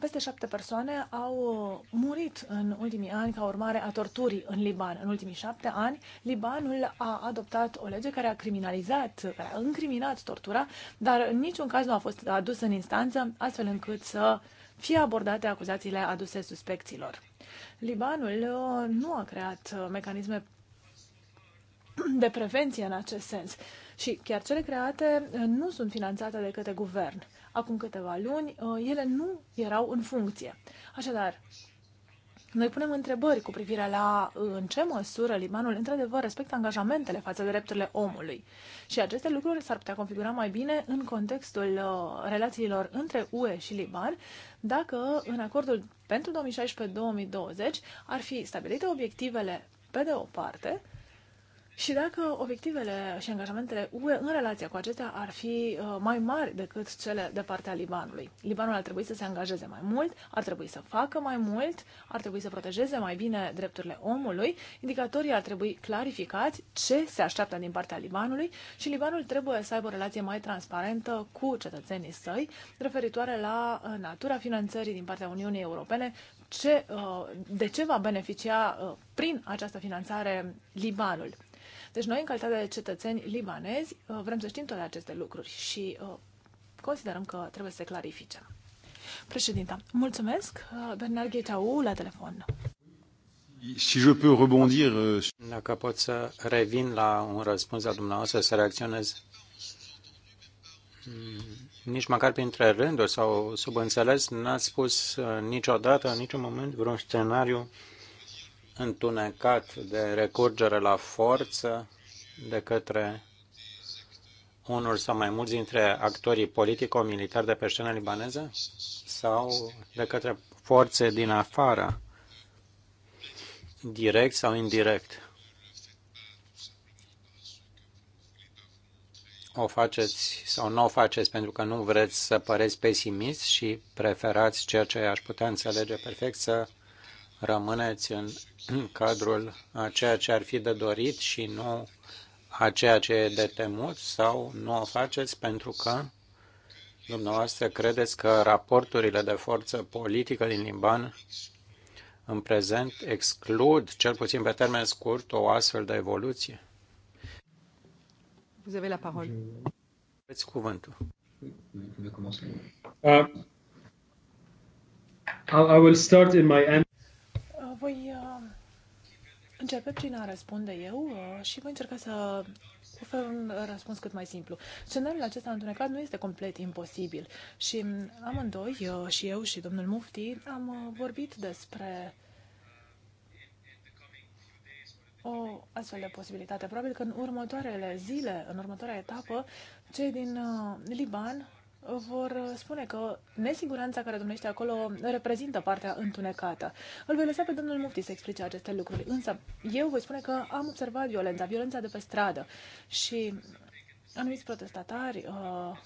Peste șapte persoane au uh, murit în ultimii ani ca urmare a torturii în Liban. În ultimii șapte ani, Libanul a adoptat o lege care a criminalizat, care a încriminat tortura, dar în niciun caz nu a fost adus în instanță, astfel încât să fie abordate acuzațiile aduse suspecților. Libanul uh, nu a creat uh, mecanisme de prevenție în acest sens și chiar cele create nu sunt finanțate de către guvern acum câteva luni, uh, ele nu erau în funcție. Așadar, noi punem întrebări cu privire la uh, în ce măsură Libanul într-adevăr respectă angajamentele față de drepturile omului. Și aceste lucruri s-ar putea configura mai bine în contextul uh, relațiilor între UE și Liban, dacă în acordul pentru 2016-2020 ar fi stabilite obiectivele pe de o parte și dacă obiectivele și angajamentele UE în relația cu acestea ar fi uh, mai mari decât cele de partea Libanului, Libanul ar trebui să se angajeze mai mult, ar trebui să facă mai mult, ar trebui să protejeze mai bine drepturile omului, indicatorii ar trebui clarificați ce se așteaptă din partea Libanului și Libanul trebuie să aibă o relație mai transparentă cu cetățenii săi referitoare la uh, natura finanțării din partea Uniunii Europene, ce, uh, de ce va beneficia prin această finanțare Libanul. Deci noi, în calitate de cetățeni libanezi, uh, vrem să știm toate aceste lucruri și uh, considerăm că trebuie să se clarifice. Președinta, mulțumesc. Uh, Bernard Ghetau la telefon. Si je peux rebondir... Dacă pot să revin la un răspuns la dumneavoastră, să reacționez mm, nici măcar printre rânduri sau înțeles, n-ați spus niciodată, în niciun moment, vreun scenariu întunecat de recurgere la forță de către unul sau mai mulți dintre actorii politico-militari de pe scena libaneză sau de către forțe din afară, direct sau indirect. O faceți sau nu o faceți pentru că nu vreți să păreți pesimist și preferați ceea ce aș putea înțelege perfect să rămâneți în cadrul a ceea ce ar fi de dorit și nu a ceea ce e de temut sau nu o faceți pentru că dumneavoastră credeți că raporturile de forță politică din Liban în prezent exclud, cel puțin pe termen scurt, o astfel de evoluție? Vous avez la parole. Aveți cuvântul. Uh, I will start in my voi uh, începe prin a răspunde eu uh, și voi încerca să ofer un răspuns cât mai simplu. Scenariul acesta întunecat nu este complet imposibil și amândoi, eu uh, și eu și domnul Mufti, am vorbit despre o astfel de posibilitate. Probabil că în următoarele zile, în următoarea etapă, cei din Liban vor spune că nesiguranța care domnește acolo reprezintă partea întunecată. Îl voi lăsa pe domnul Mufti să explice aceste lucruri, însă eu voi spune că am observat violența, violența de pe stradă și anumiți protestatari uh,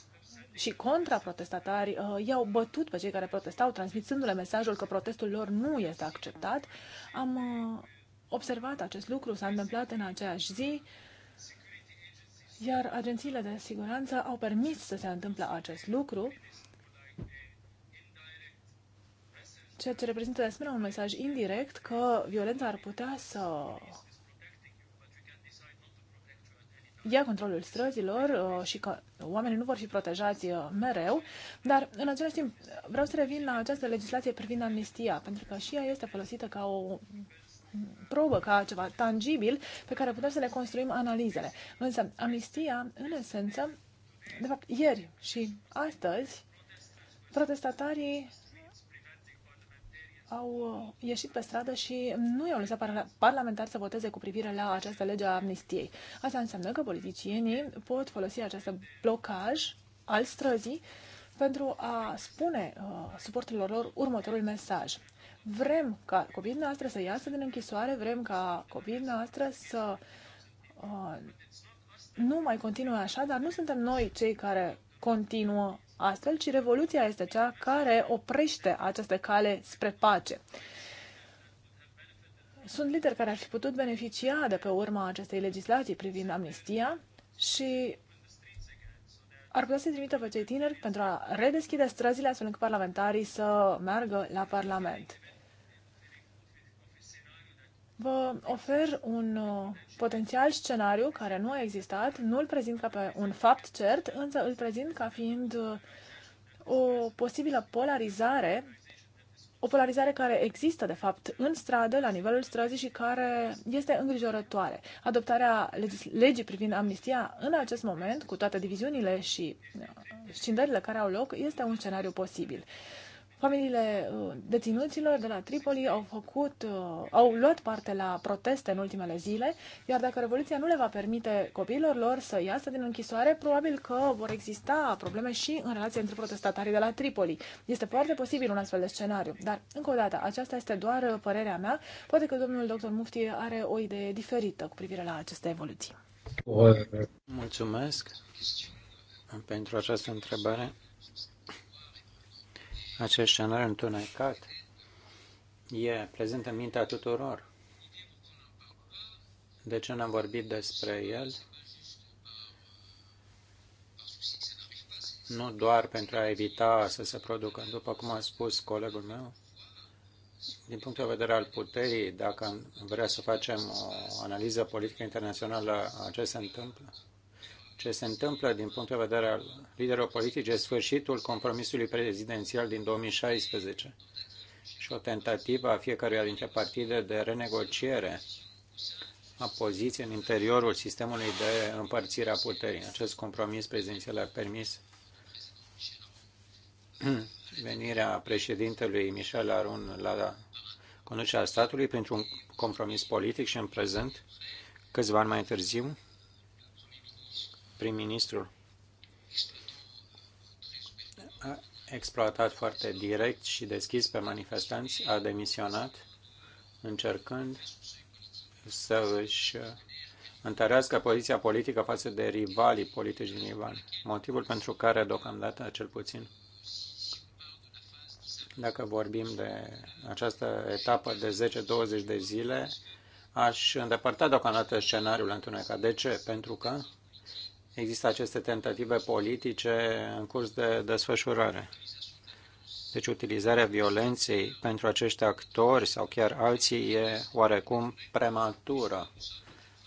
și contraprotestatari uh, i-au bătut pe cei care protestau, transmițându-le mesajul că protestul lor nu este acceptat. Am uh, observat acest lucru, s-a întâmplat în aceeași zi. Uh, iar agențiile de siguranță au permis să se întâmple acest lucru, ceea ce reprezintă de asemenea un mesaj indirect că violența ar putea să ia controlul străzilor uh, și că oamenii nu vor fi protejați uh, mereu, dar în același timp vreau să revin la această legislație privind amnistia, pentru că și ea este folosită ca o probă, ca ceva tangibil pe care putem să ne construim analizele. Însă, amnistia, în esență, de fapt, ieri și astăzi, protestatarii au ieșit pe stradă și nu i-au lăsat parlamentari să voteze cu privire la această lege a amnistiei. Asta înseamnă că politicienii pot folosi acest blocaj al străzii pentru a spune uh, suportelor lor următorul mesaj. Vrem ca copiii noastre să iasă din închisoare, vrem ca copiii noastre să uh, nu mai continue așa, dar nu suntem noi cei care continuă astfel, ci revoluția este cea care oprește această cale spre pace. Sunt lideri care ar fi putut beneficia de pe urma acestei legislații privind amnistia și ar putea să trimită pe cei tineri pentru a redeschide străzile astfel încât parlamentarii să meargă la Parlament. Vă ofer un uh, potențial scenariu care nu a existat, nu îl prezint ca pe un fapt cert, însă îl prezint ca fiind uh, o posibilă polarizare, o polarizare care există, de fapt, în stradă, la nivelul străzii și care este îngrijorătoare. Adoptarea legii privind amnistia în acest moment, cu toate diviziunile și uh, scindările care au loc, este un scenariu posibil. Familiile uh, deținuților de la Tripoli au făcut, uh, au luat parte la proteste în ultimele zile, iar dacă Revoluția nu le va permite copiilor lor să iasă din închisoare, probabil că vor exista probleme și în relația între protestatarii de la Tripoli. Este foarte posibil un astfel de scenariu, dar, încă o dată, aceasta este doar uh, părerea mea. Poate că domnul doctor Mufti are o idee diferită cu privire la aceste evoluții. Mulțumesc pentru această întrebare. Acest scenariu întunecat e prezent în mintea tuturor. De ce n-am vorbit despre el? Nu doar pentru a evita să se producă, după cum a spus colegul meu, din punct de vedere al puterii, dacă vrea să facem o analiză politică internațională a ce se întâmplă, ce se întâmplă din punct de vedere al liderilor politice, sfârșitul compromisului prezidențial din 2016 și o tentativă a fiecăruia dintre partide de renegociere a poziției în interiorul sistemului de împărțire a puterii. Acest compromis prezidențial a permis venirea președintelui Michel Arun la conducerea statului printr-un compromis politic și în prezent, câțiva ani mai târziu, prim-ministrul a exploatat foarte direct și deschis pe manifestanți, a demisionat încercând să își întărească poziția politică față de rivalii politici din Iran. Motivul pentru care, deocamdată, cel puțin, dacă vorbim de această etapă de 10-20 de zile, aș îndepărta deocamdată scenariul întunecat. De ce? Pentru că există aceste tentative politice în curs de desfășurare. Deci utilizarea violenței pentru acești actori sau chiar alții e oarecum prematură,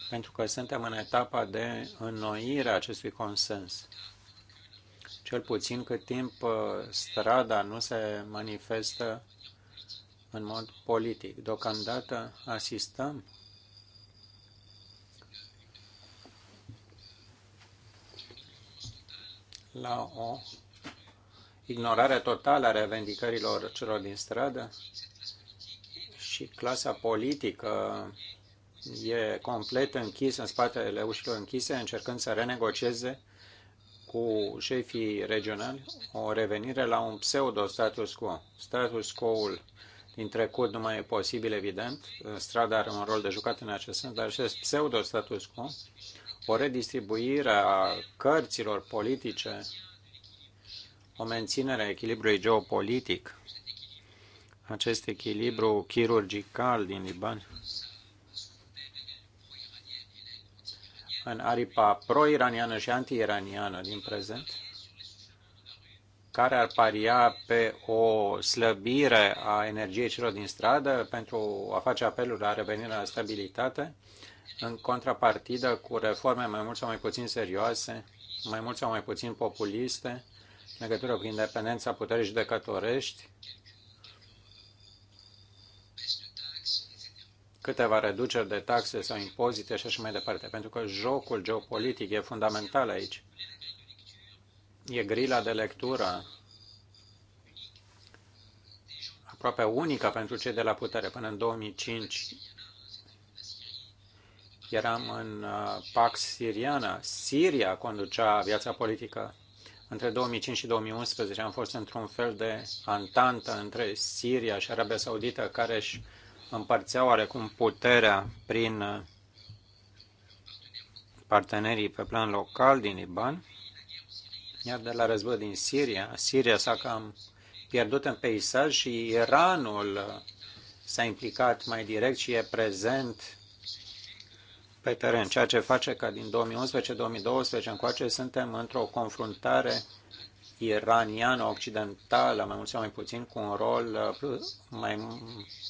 pentru că suntem în etapa de înnoire a acestui consens. Cel puțin cât timp uh, strada nu se manifestă în mod politic. Deocamdată asistăm la o ignorare totală a revendicărilor celor din stradă și clasa politică e complet închisă în spatele ușilor închise, încercând să renegocieze cu șefii regionali o revenire la un pseudo-status quo. Status quo-ul din trecut nu mai e posibil, evident. Strada are un rol de jucat în acest sens, dar acest pseudo-status quo o redistribuire a cărților politice, o menținere a echilibrului geopolitic, acest echilibru chirurgical din Liban, în aripa pro-iraniană și anti-iraniană din prezent, care ar paria pe o slăbire a energiei celor din stradă pentru a face apelul la revenirea la stabilitate, în contrapartidă cu reforme mai mult sau mai puțin serioase, mai mult sau mai puțin populiste, în legătură cu independența puterii judecătorești, câteva reduceri de taxe sau impozite și așa mai departe. Pentru că jocul geopolitic e fundamental aici. E grila de lectură aproape unică pentru cei de la putere. Până în 2005 eram în uh, Pax Siriana. Siria conducea viața politică. Între 2005 și 2011 am fost într-un fel de antantă între Siria și Arabia Saudită, care își împărțeau oarecum puterea prin uh, partenerii pe plan local din Liban. Iar de la război din Siria, Siria s-a cam pierdut în peisaj și Iranul uh, s-a implicat mai direct și e prezent pe teren, ceea ce face ca din 2011-2012 încoace suntem într-o confruntare iraniană occidentală mai mult sau mai puțin, cu un rol uh, mai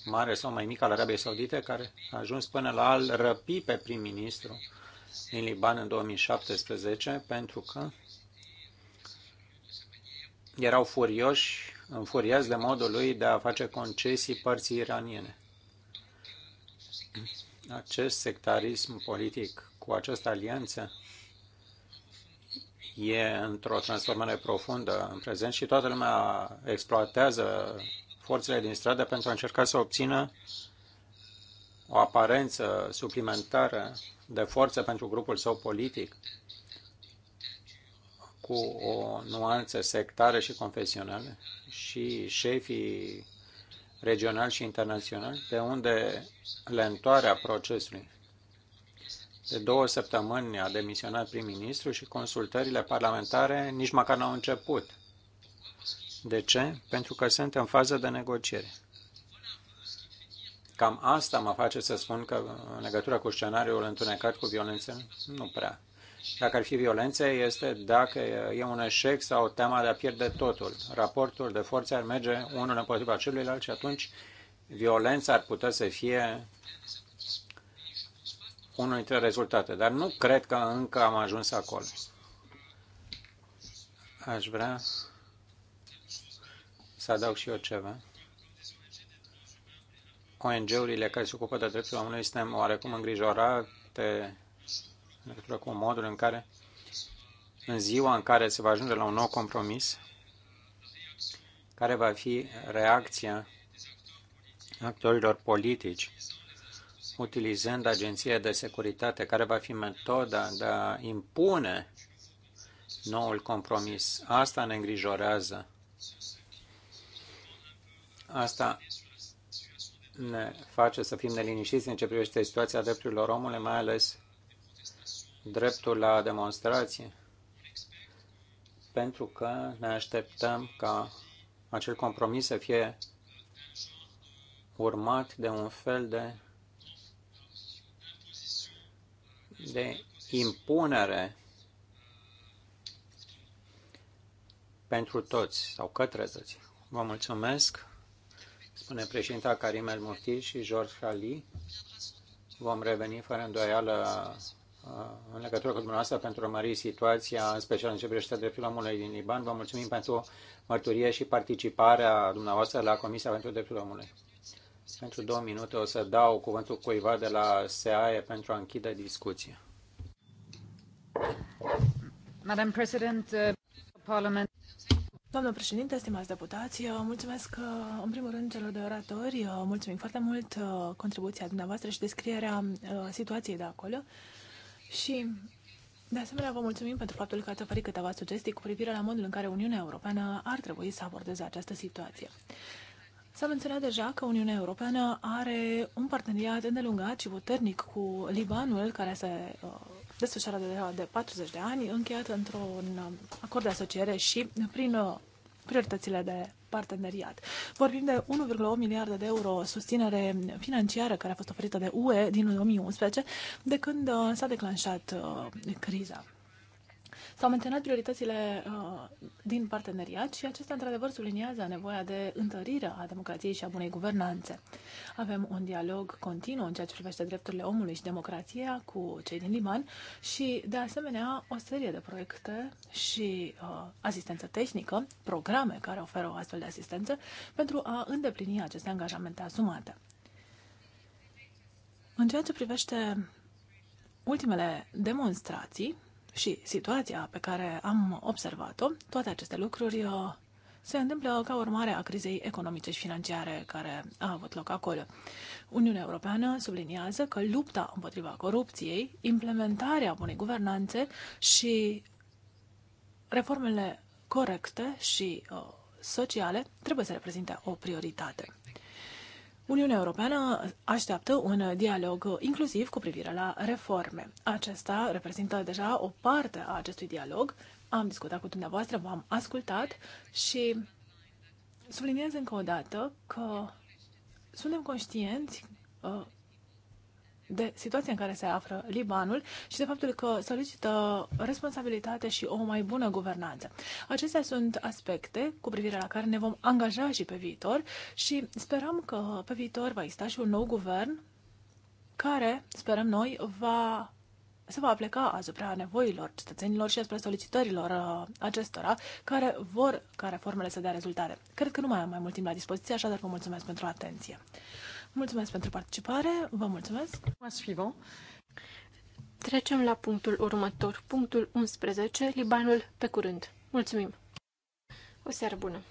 mare sau mai mic al Arabiei Saudite, care a ajuns până la al răpi pe prim-ministru din Liban în 2017, pentru că erau furioși, înfuriați de modul lui de a face concesii părții iraniene. Acest sectarism politic cu această alianță e într-o transformare profundă în prezent și toată lumea exploatează forțele din stradă pentru a încerca să obțină o aparență suplimentară de forță pentru grupul său politic cu o nuanță sectară și confesională și șefii regional și internațional, de unde lentoarea procesului. De două săptămâni a demisionat prim-ministru și consultările parlamentare nici măcar n-au început. De ce? Pentru că sunt în fază de negociere. Cam asta mă face să spun că în legătură cu scenariul întunecat cu violențe, nu prea dacă ar fi violențe, este dacă e un eșec sau teama de a pierde totul. Raportul de forțe ar merge unul împotriva celuilalt și atunci violența ar putea să fie unul dintre rezultate. Dar nu cred că încă am ajuns acolo. Aș vrea să adaug și eu ceva. ONG-urile care se ocupă de drepturile omului suntem oarecum îngrijorate în legătură cu modul în care, în ziua în care se va ajunge la un nou compromis, care va fi reacția actorilor politici, utilizând agenția de securitate, care va fi metoda de a impune noul compromis. Asta ne îngrijorează. Asta ne face să fim neliniștiți în ce privește situația drepturilor omului, mai ales dreptul la demonstrație, pentru că ne așteptăm ca acel compromis să fie urmat de un fel de, de impunere pentru toți sau către toți. Vă mulțumesc, spune președinta Karim El Mufti și George Hali. Vom reveni fără îndoială Uh, în legătură cu dumneavoastră pentru a mări situația, în special în ce privește dreptul omului din Liban. Vă mulțumim pentru mărturie și participarea dumneavoastră la Comisia pentru Dreptul Omului. Pentru două minute o să dau cuvântul cuiva de la SEAE pentru a închide discuția. Madam President, uh, Parliament. Doamnă președinte, stimați deputați, mulțumesc uh, în primul rând celor de oratori, uh, mulțumim foarte mult contribuția dumneavoastră și descrierea situației de acolo. Și, de asemenea, vă mulțumim pentru faptul că ați oferit câteva sugestii cu privire la modul în care Uniunea Europeană ar trebui să abordeze această situație. S-a menționat deja că Uniunea Europeană are un parteneriat îndelungat și puternic cu Libanul, care se uh, desfășoară de, de 40 de ani, încheiat într-un um, acord de asociere și prin uh, prioritățile de parteneriat. Vorbim de 1,8 miliarde de euro susținere financiară care a fost oferită de UE din 2011, de când uh, s-a declanșat uh, criza. S-au menționat prioritățile uh, din parteneriat și acestea, într-adevăr, subliniază nevoia de întărire a democrației și a bunei guvernanțe. Avem un dialog continuu în ceea ce privește drepturile omului și democrația cu cei din Liman și, de asemenea, o serie de proiecte și uh, asistență tehnică, programe care oferă o astfel de asistență pentru a îndeplini aceste angajamente asumate. În ceea ce privește ultimele demonstrații, și situația pe care am observat-o, toate aceste lucruri uh, se întâmplă ca urmare a crizei economice și financiare care a avut loc acolo. Uniunea Europeană subliniază că lupta împotriva corupției, implementarea bunei guvernanțe și reformele corecte și uh, sociale trebuie să reprezinte o prioritate. Uniunea Europeană așteaptă un dialog inclusiv cu privire la reforme. Acesta reprezintă deja o parte a acestui dialog. Am discutat cu dumneavoastră, v-am ascultat și subliniez încă o dată că suntem conștienți uh, de situația în care se află Libanul și de faptul că solicită responsabilitate și o mai bună guvernanță. Acestea sunt aspecte cu privire la care ne vom angaja și pe viitor și sperăm că pe viitor va exista și un nou guvern care, sperăm noi, va se va pleca asupra nevoilor cetățenilor și asupra solicitărilor uh, acestora care vor ca reformele să dea rezultate. Cred că nu mai am mai mult timp la dispoziție, așadar vă mulțumesc pentru atenție. Mulțumesc pentru participare, vă mulțumesc. Suivant. Trecem la punctul următor, punctul 11, Libanul pe curând. Mulțumim! O seară bună!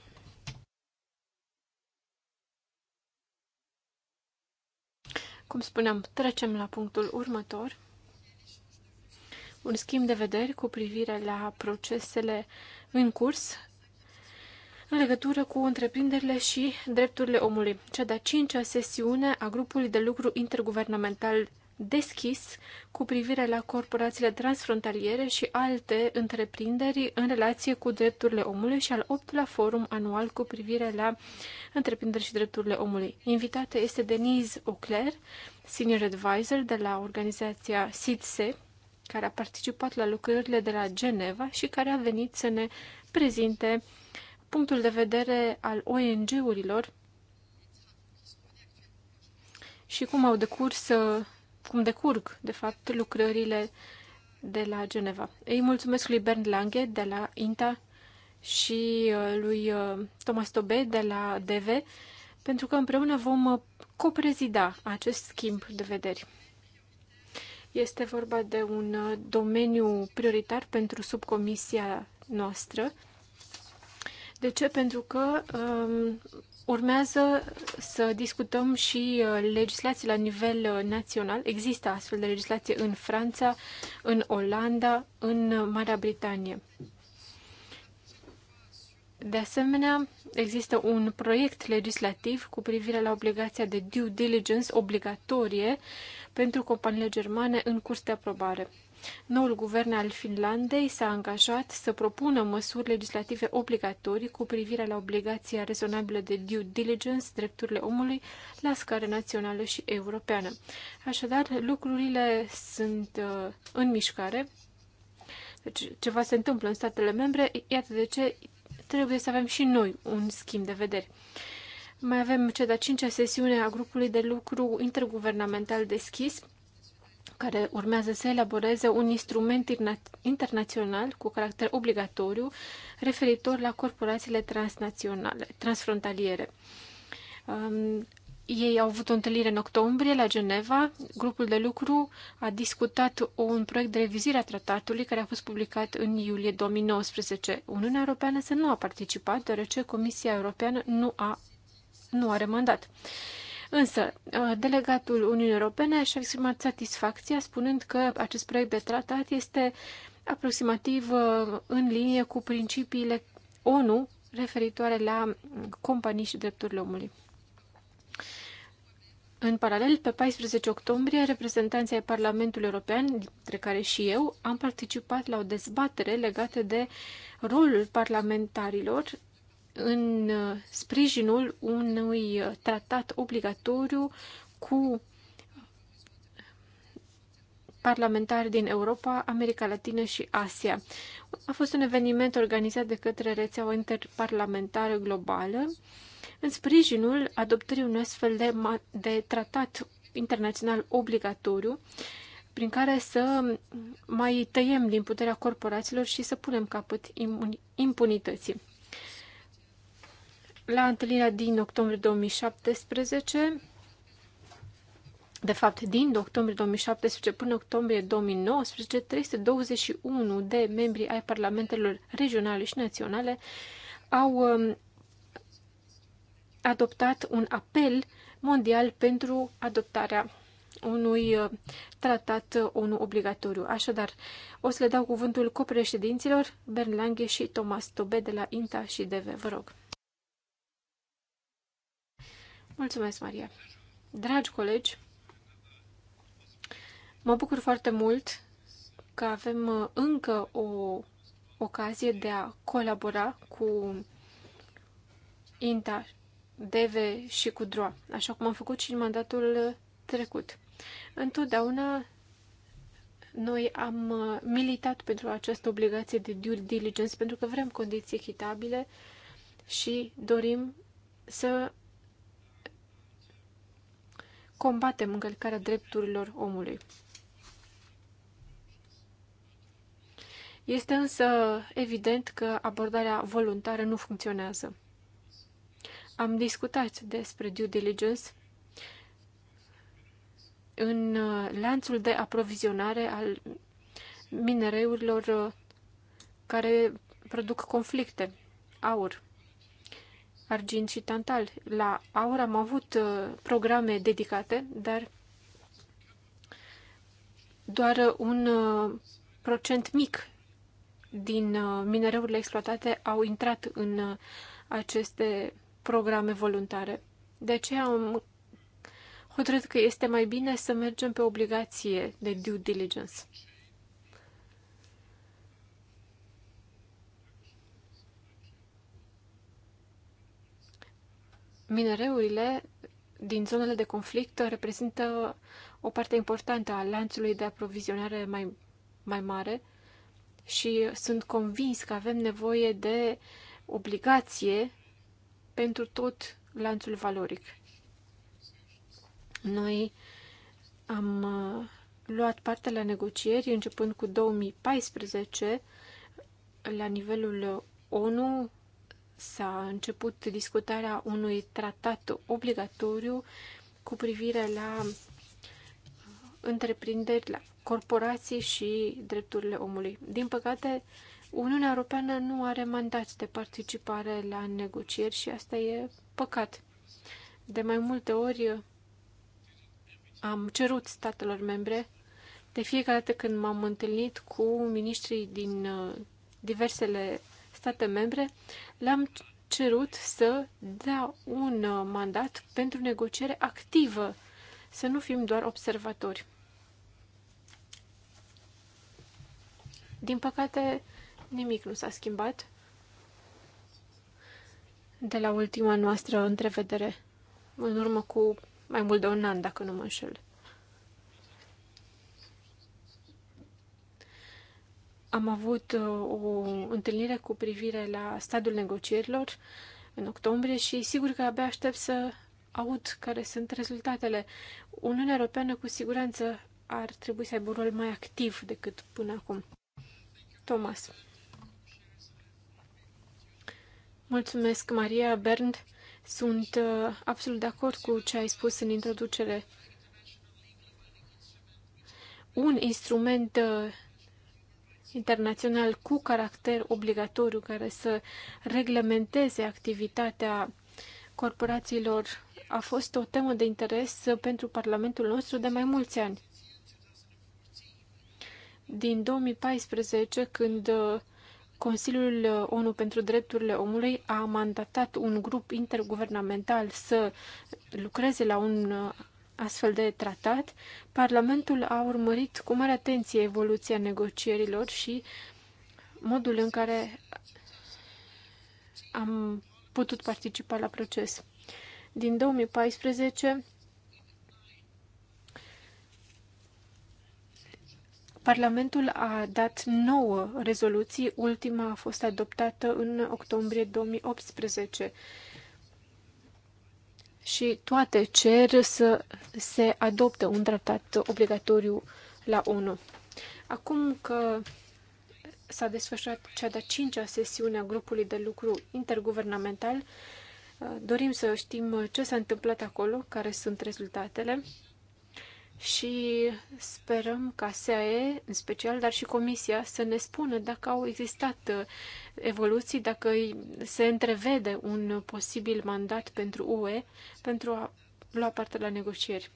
Cum spuneam, trecem la punctul următor. Un schimb de vederi cu privire la procesele în curs în legătură cu întreprinderile și drepturile omului. Cea de-a cincea sesiune a grupului de lucru interguvernamental deschis cu privire la corporațiile transfrontaliere și alte întreprinderi în relație cu drepturile omului și al optulea forum anual cu privire la întreprinderi și drepturile omului. Invitată este Denise Ocler, senior advisor de la organizația SIDSE, care a participat la lucrările de la Geneva și care a venit să ne prezinte uh, punctul de vedere al ONG-urilor și cum au decurs, cum decurg, de fapt, lucrările de la Geneva. Îi mulțumesc lui Bernd Lange de la INTA și uh, lui uh, Thomas Tobe de la DV, pentru că împreună vom uh, coprezida acest schimb de vederi. Este vorba de un domeniu prioritar pentru subcomisia noastră de ce? Pentru că um, urmează să discutăm și uh, legislații la nivel uh, național. Există astfel de legislație în Franța, în Olanda, în Marea Britanie. De asemenea, există un proiect legislativ cu privire la obligația de due diligence obligatorie pentru companiile germane în curs de aprobare. Noul guvern al Finlandei s-a angajat să propună măsuri legislative obligatorii cu privire la obligația rezonabilă de due diligence, drepturile omului, la scară națională și europeană. Așadar, lucrurile sunt uh, în mișcare. Deci, ceva se întâmplă în statele membre, iată de ce trebuie să avem și noi un schimb de vedere. Mai avem cea de-a cincea sesiune a grupului de lucru interguvernamental deschis, care urmează să elaboreze un instrument internațional cu caracter obligatoriu referitor la corporațiile transnaționale, transfrontaliere. Um, ei au avut o întâlnire în octombrie la Geneva. Grupul de lucru a discutat un proiect de revizire a tratatului care a fost publicat în iulie 2019. Uniunea Europeană să nu a participat, deoarece Comisia Europeană nu a, nu are mandat. Uh, Însă, uh, delegatul Uniunii Europene și-a exprimat satisfacția spunând că acest proiect de tratat este aproximativ uh, în linie cu principiile ONU referitoare la companii și drepturile omului. În paralel, pe 14 octombrie, reprezentanții ai Parlamentului European, dintre care și eu, am participat la o dezbatere legată de rolul parlamentarilor în uh, sprijinul unui uh, tratat obligatoriu cu parlamentari din Europa, America Latină și Asia. A fost un eveniment organizat de către rețeaua interparlamentară globală în sprijinul adoptării unui astfel de, de tratat internațional obligatoriu prin care să mai tăiem din puterea corporațiilor și să punem capăt impunității. La întâlnirea din octombrie 2017, de fapt, din octombrie 2017 până octombrie 2019, 321 de membri ai parlamentelor regionale și naționale au um, adoptat un apel mondial pentru adoptarea unui uh, tratat uh, ONU obligatoriu. Așadar, o să le dau cuvântul copreședinților Bern Lange și Thomas Tobe de la INTA și DV. Vă rog. Mulțumesc, Maria. Dragi colegi, mă bucur foarte mult că avem uh, încă o ocazie de a colabora cu INTA, DEVE și cu DROA, așa cum am făcut și în mandatul trecut. Întotdeauna noi am uh, militat pentru această obligație de due diligence pentru că vrem condiții echitabile și dorim să combatem încălcarea drepturilor omului. Este însă evident că abordarea voluntară nu funcționează. Am discutat despre due diligence în uh, lanțul de aprovizionare al minereurilor uh, care produc conflicte, aur, argint și tantal. La aur am avut uh, programe dedicate, dar doar uh, un uh, procent mic din minereurile exploatate au intrat în aceste programe voluntare. De aceea am hotărât că este mai bine să mergem pe obligație de due diligence. Minereurile din zonele de conflict reprezintă o parte importantă a lanțului de aprovizionare mai, mai mare și sunt convins că avem nevoie de obligație pentru tot lanțul valoric. Noi am uh, luat parte la negocieri începând cu 2014 la nivelul ONU s-a început discutarea unui tratat obligatoriu cu privire la uh, întreprinderi, la corporații și drepturile omului. Din păcate, Uniunea Europeană nu are mandat de participare la negocieri și asta e păcat. De mai multe ori uh, am cerut statelor membre, de fiecare dată când m-am întâlnit cu miniștrii din uh, diversele state membre le-am cerut să dea un uh, mandat pentru negociere activă, să nu fim doar observatori. Din păcate, nimic nu s-a schimbat de la ultima noastră întrevedere, în urmă cu mai mult de un an, dacă nu mă înșel. Am avut uh, o întâlnire cu privire la stadiul negocierilor în octombrie și sigur că abia aștept să aud care sunt rezultatele. Uniunea Europeană cu siguranță ar trebui să aibă un rol mai activ decât până acum. Thomas. Mulțumesc, Maria Bernd. Sunt uh, absolut de acord cu ce ai spus în introducere. Un instrument uh, internațional cu caracter obligatoriu care să reglementeze activitatea corporațiilor a fost o temă de interes pentru Parlamentul nostru de mai mulți ani. Din 2014, când Consiliul ONU pentru Drepturile Omului a mandatat un grup interguvernamental să lucreze la un astfel de tratat, Parlamentul a urmărit cu mare atenție evoluția negocierilor și modul în care am putut participa la proces. Din 2014, Parlamentul a dat nouă rezoluții, ultima a fost adoptată în octombrie 2018 și toate cer să se adopte un tratat obligatoriu la ONU. Acum că s-a desfășurat cea de-a cincea sesiune a grupului de lucru interguvernamental, dorim să știm ce s-a întâmplat acolo, care sunt rezultatele și sperăm ca SAE, în special, dar și Comisia, să ne spună dacă au existat uh, evoluții, dacă se întrevede un posibil mandat pentru UE pentru a lua parte la negocieri.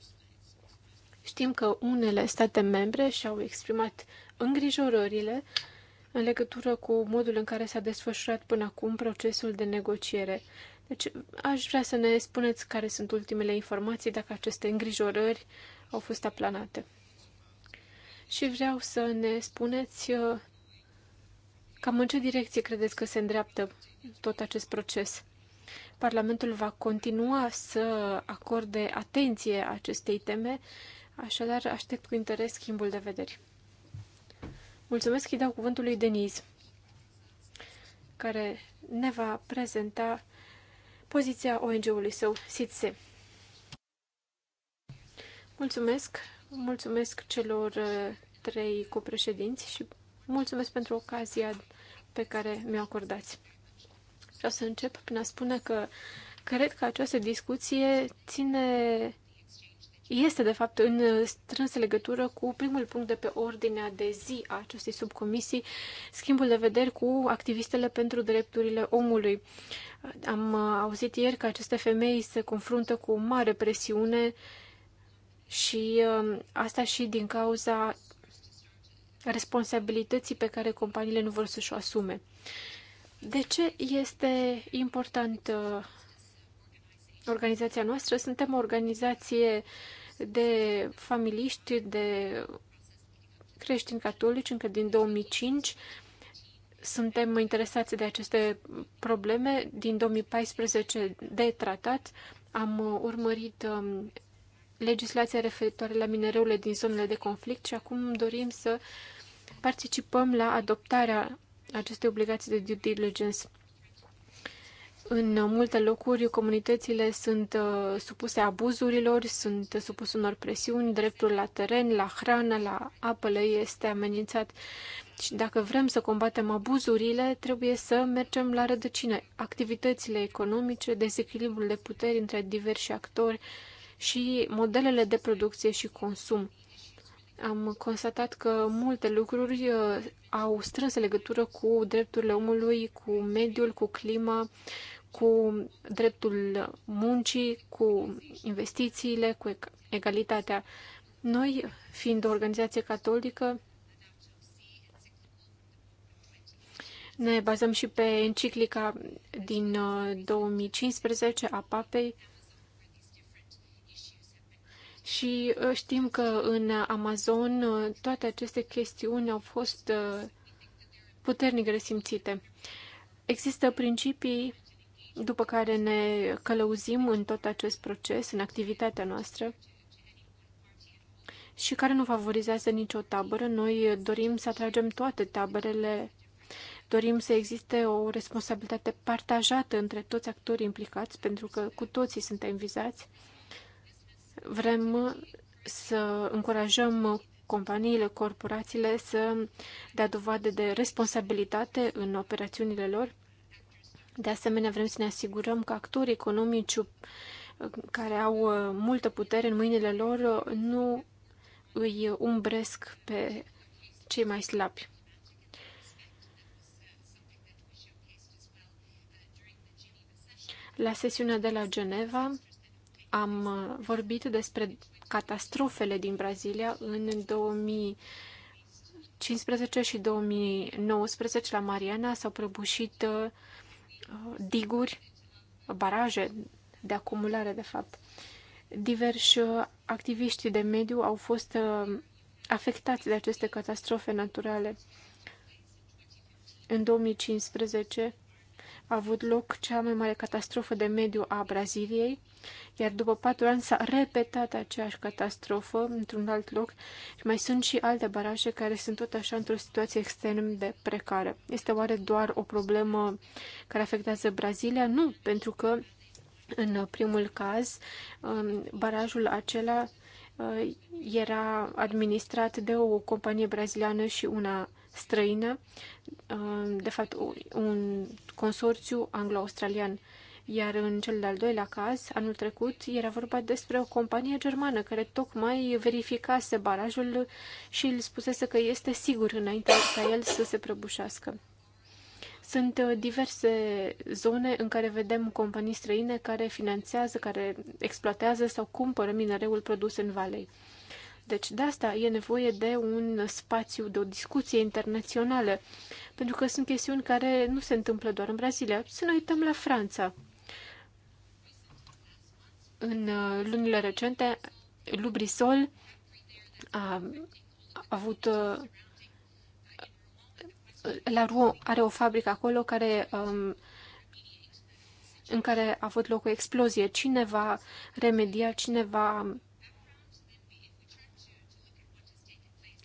Știm că unele state membre și-au exprimat îngrijorările în legătură cu modul în care s-a desfășurat până acum procesul de negociere. Deci aș vrea să ne spuneți care sunt ultimele informații, dacă aceste îngrijorări au fost aplanate. Și vreau să ne spuneți uh, cam în ce direcție credeți că se îndreaptă tot acest proces. Parlamentul va continua să acorde atenție acestei teme, așadar aștept cu interes schimbul de vederi. Mulțumesc, îi dau cuvântul lui Deniz, care ne va prezenta poziția ONG-ului său, SITSE. Mulțumesc, mulțumesc celor uh, trei copreședinți și mulțumesc pentru ocazia pe care mi-o acordați. Vreau să încep prin a spune că cred că această discuție ține este, de fapt, în strânsă legătură cu primul punct de pe ordinea de zi a acestei subcomisii, schimbul de vederi cu activistele pentru drepturile omului. Am uh, auzit ieri că aceste femei se confruntă cu mare presiune și um, asta și din cauza responsabilității pe care companiile nu vor să-și o asume. De ce este important uh, organizația noastră? Suntem o organizație de familiști, de creștini catolici încă din 2005. Suntem interesați de aceste probleme. Din 2014 de tratat am urmărit um, legislația referitoare la minereurile din zonele de conflict și acum dorim să participăm la adoptarea acestei obligații de due diligence. În multe locuri, comunitățile sunt uh, supuse abuzurilor, sunt supuse unor presiuni, dreptul la teren, la hrană, la apă le este amenințat. Și dacă vrem să combatem abuzurile, trebuie să mergem la rădăcină. Activitățile economice, dezechilibrul de puteri între diversi actori, și modelele de producție și consum. Am constatat că multe lucruri uh, au strâns legătură cu drepturile omului, cu mediul, cu clima, cu dreptul muncii, cu investițiile, cu egalitatea. Noi, fiind o organizație catolică, ne bazăm și pe enciclica din 2015 uh, a Papei și uh, știm că în Amazon uh, toate aceste chestiuni au fost uh, puternic resimțite. Există principii după care ne călăuzim în tot acest proces, în activitatea noastră și care nu favorizează nicio tabără. Noi dorim să atragem toate taberele, dorim să existe o responsabilitate partajată între toți actorii implicați, pentru că cu toții suntem vizați Vrem să încurajăm companiile, corporațiile să dea dovadă de responsabilitate în operațiunile lor. De asemenea, vrem să ne asigurăm că actorii economici care au uh, multă putere în mâinile lor uh, nu îi umbresc pe cei mai slabi. La sesiunea de la Geneva am uh, vorbit despre catastrofele din Brazilia în 2015 și 2019 la Mariana s-au prăbușit uh, diguri, baraje de acumulare, de fapt. Diversi uh, activiști de mediu au fost afectați de aceste catastrofe naturale. În 2015, a avut loc cea mai mare catastrofă de mediu a Braziliei, iar după patru ani s-a repetat aceeași catastrofă într-un alt loc și mai sunt și alte baraje care sunt tot așa într-o situație extrem de precară. Este oare doar o problemă care afectează Brazilia? Nu, pentru că în primul caz um, barajul acela uh, era administrat de o companie braziliană și una străină, uh, de fapt un consorțiu anglo-australian. Iar în cel de-al doilea caz, anul trecut, era vorba despre o companie germană care tocmai verificase barajul și îl spusese că este sigur înainte ca el să se prăbușească. Sunt uh, diverse zone în care vedem companii străine care finanțează, care exploatează sau cumpără minereul produs în valei. Deci de asta e nevoie de un spațiu, de o discuție internațională, pentru că sunt chestiuni care nu se întâmplă doar în Brazilia. Să ne uităm la Franța. În uh, lunile recente, Lubrisol a avut uh, la Rouen are o fabrică acolo care um, în care a avut loc o explozie. Cine va remedia, cine va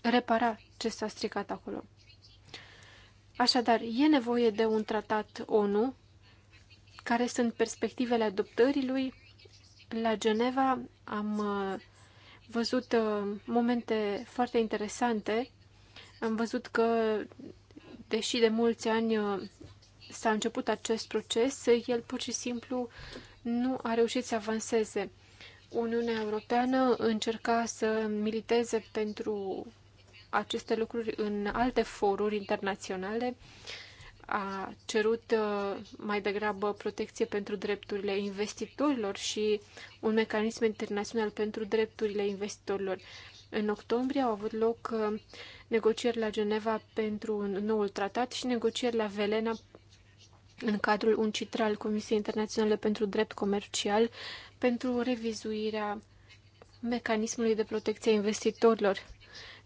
repara ce s-a stricat acolo. Așadar, e nevoie de un tratat ONU, care sunt perspectivele adoptării lui. La Geneva am uh, văzut uh, momente foarte interesante. Am văzut că, deși de mulți ani uh, s-a început acest proces, el pur și simplu nu a reușit să avanseze. Uniunea Europeană încerca să militeze pentru aceste lucruri în alte foruri internaționale. A cerut uh, mai degrabă protecție pentru drepturile investitorilor și un mecanism internațional pentru drepturile investitorilor. În octombrie au avut loc uh, negocieri la Geneva pentru un noul tratat și negocieri la Velena în cadrul UNCITRA al Comisiei Internaționale pentru Drept Comercial pentru revizuirea mecanismului de protecție a investitorilor.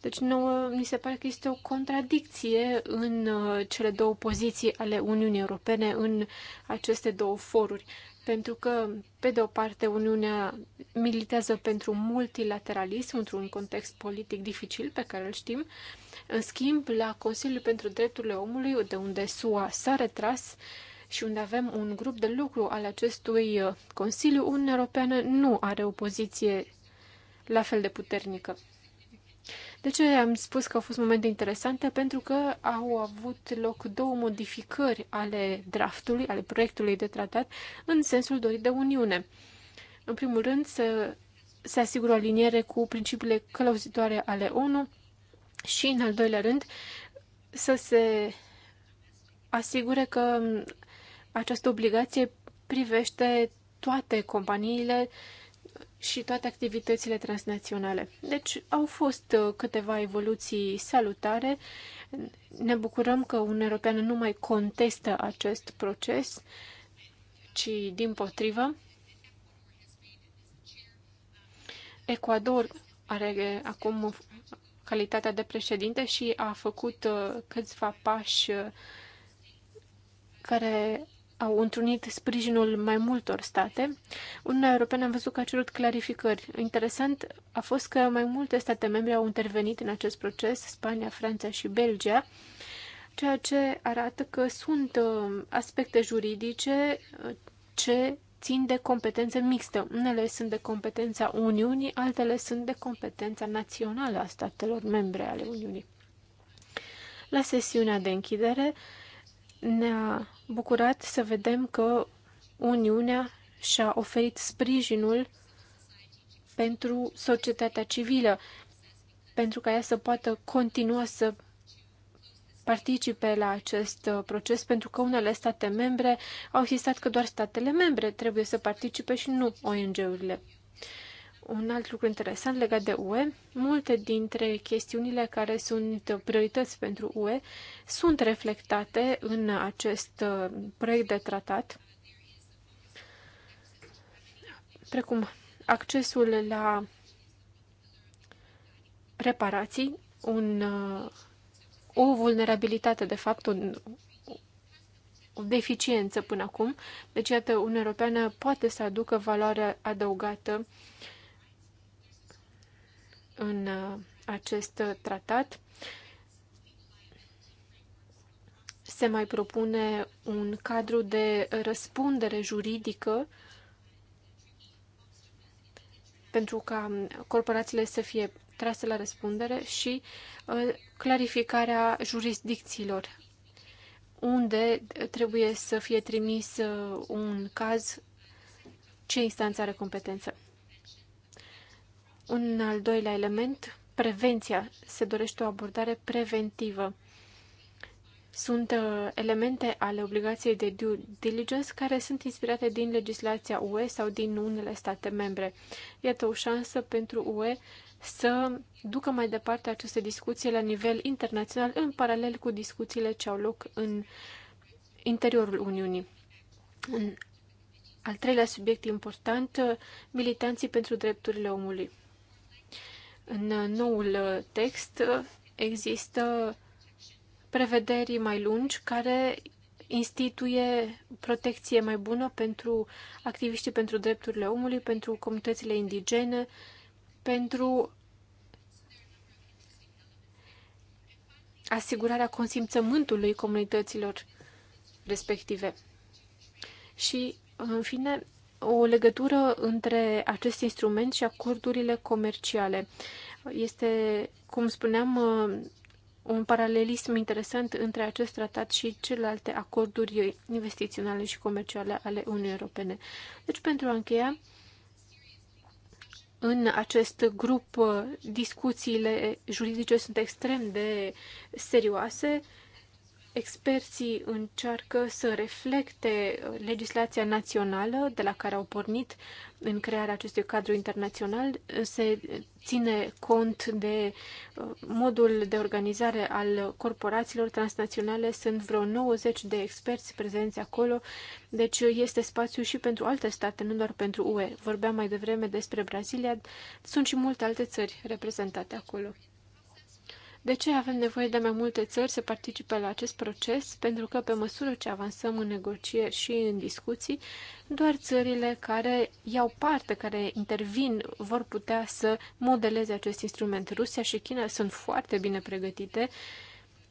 Deci nouă mi se pare că este o contradicție în uh, cele două poziții ale Uniunii Europene în aceste două foruri. Pentru că, pe de o parte, Uniunea militează pentru multilateralism într-un context politic dificil pe care îl știm. În schimb, la Consiliul pentru Drepturile Omului, de unde SUA s-a retras, și unde avem un grup de lucru al acestui uh, Consiliu, Uniunea Europeană nu are o poziție la fel de puternică. De ce am spus că au fost momente interesante? Pentru că au avut loc două modificări ale draftului, ale proiectului de tratat, în sensul dorit de Uniune. În primul rând, să se asigură o aliniere cu principiile călăuzitoare ale ONU și, în al doilea rând, să se asigure că această obligație privește toate companiile și toate activitățile transnaționale. Deci au fost uh, câteva evoluții salutare. Ne bucurăm că un european nu mai contestă acest proces, ci din potrivă. Ecuador are acum calitatea de președinte și a făcut uh, câțiva pași uh, care au întrunit sprijinul mai multor state, Uniunea Europeană a văzut că a cerut clarificări. Interesant a fost că mai multe state membre au intervenit în acest proces, Spania, Franța și Belgia, ceea ce arată că sunt uh, aspecte juridice uh, ce țin de competență mixtă. Unele sunt de competența Uniunii, altele sunt de competența națională a statelor membre ale Uniunii. La sesiunea de închidere, ne-a bucurat să vedem că Uniunea și-a oferit sprijinul pentru societatea civilă, pentru ca ea să poată continua să participe la acest uh, proces, pentru că unele state membre au insistat că doar statele membre trebuie să participe și nu ONG-urile un alt lucru interesant legat de UE, multe dintre chestiunile care sunt priorități pentru UE sunt reflectate în acest uh, proiect de tratat, precum accesul la reparații, un, uh, o vulnerabilitate, de fapt, un, o deficiență până acum. Deci, iată, Uniunea Europeană poate să aducă valoare adăugată uh, în uh, acest uh, tratat se mai propune un cadru de răspundere juridică pentru ca corporațiile să fie trase la răspundere și uh, clarificarea jurisdicțiilor unde trebuie să fie trimis un caz, ce instanță are competență. Un al doilea element, prevenția. Se dorește o abordare preventivă. Sunt uh, elemente ale obligației de due diligence care sunt inspirate din legislația UE sau din unele state membre. Iată o șansă pentru UE să ducă mai departe aceste discuții la nivel internațional în paralel cu discuțiile ce au loc în interiorul Uniunii. În al treilea subiect important, uh, militanții pentru drepturile omului. În noul text există prevederi mai lungi care instituie protecție mai bună pentru activiștii pentru drepturile omului, pentru comunitățile indigene, pentru asigurarea consimțământului comunităților respective. Și, în fine, o legătură între acest instrument și acordurile comerciale. Este, cum spuneam, uh, un paralelism interesant între acest tratat și celelalte acorduri investiționale și comerciale ale Uniunii Europene. Deci, pentru a încheia, în acest grup uh, discuțiile juridice sunt extrem de serioase, experții încearcă să reflecte legislația națională de la care au pornit în crearea acestui cadru internațional. Se ține cont de uh, modul de organizare al corporațiilor transnaționale. Sunt vreo 90 de experți prezenți acolo, deci este spațiu și pentru alte state, nu doar pentru UE. Vorbeam mai devreme despre Brazilia, sunt și multe alte țări reprezentate acolo. De ce avem nevoie de mai multe țări să participe la acest proces? Pentru că, pe măsură ce avansăm în negocieri și în discuții, doar țările care iau parte, care intervin, vor putea să modeleze acest instrument. Rusia și China sunt foarte bine pregătite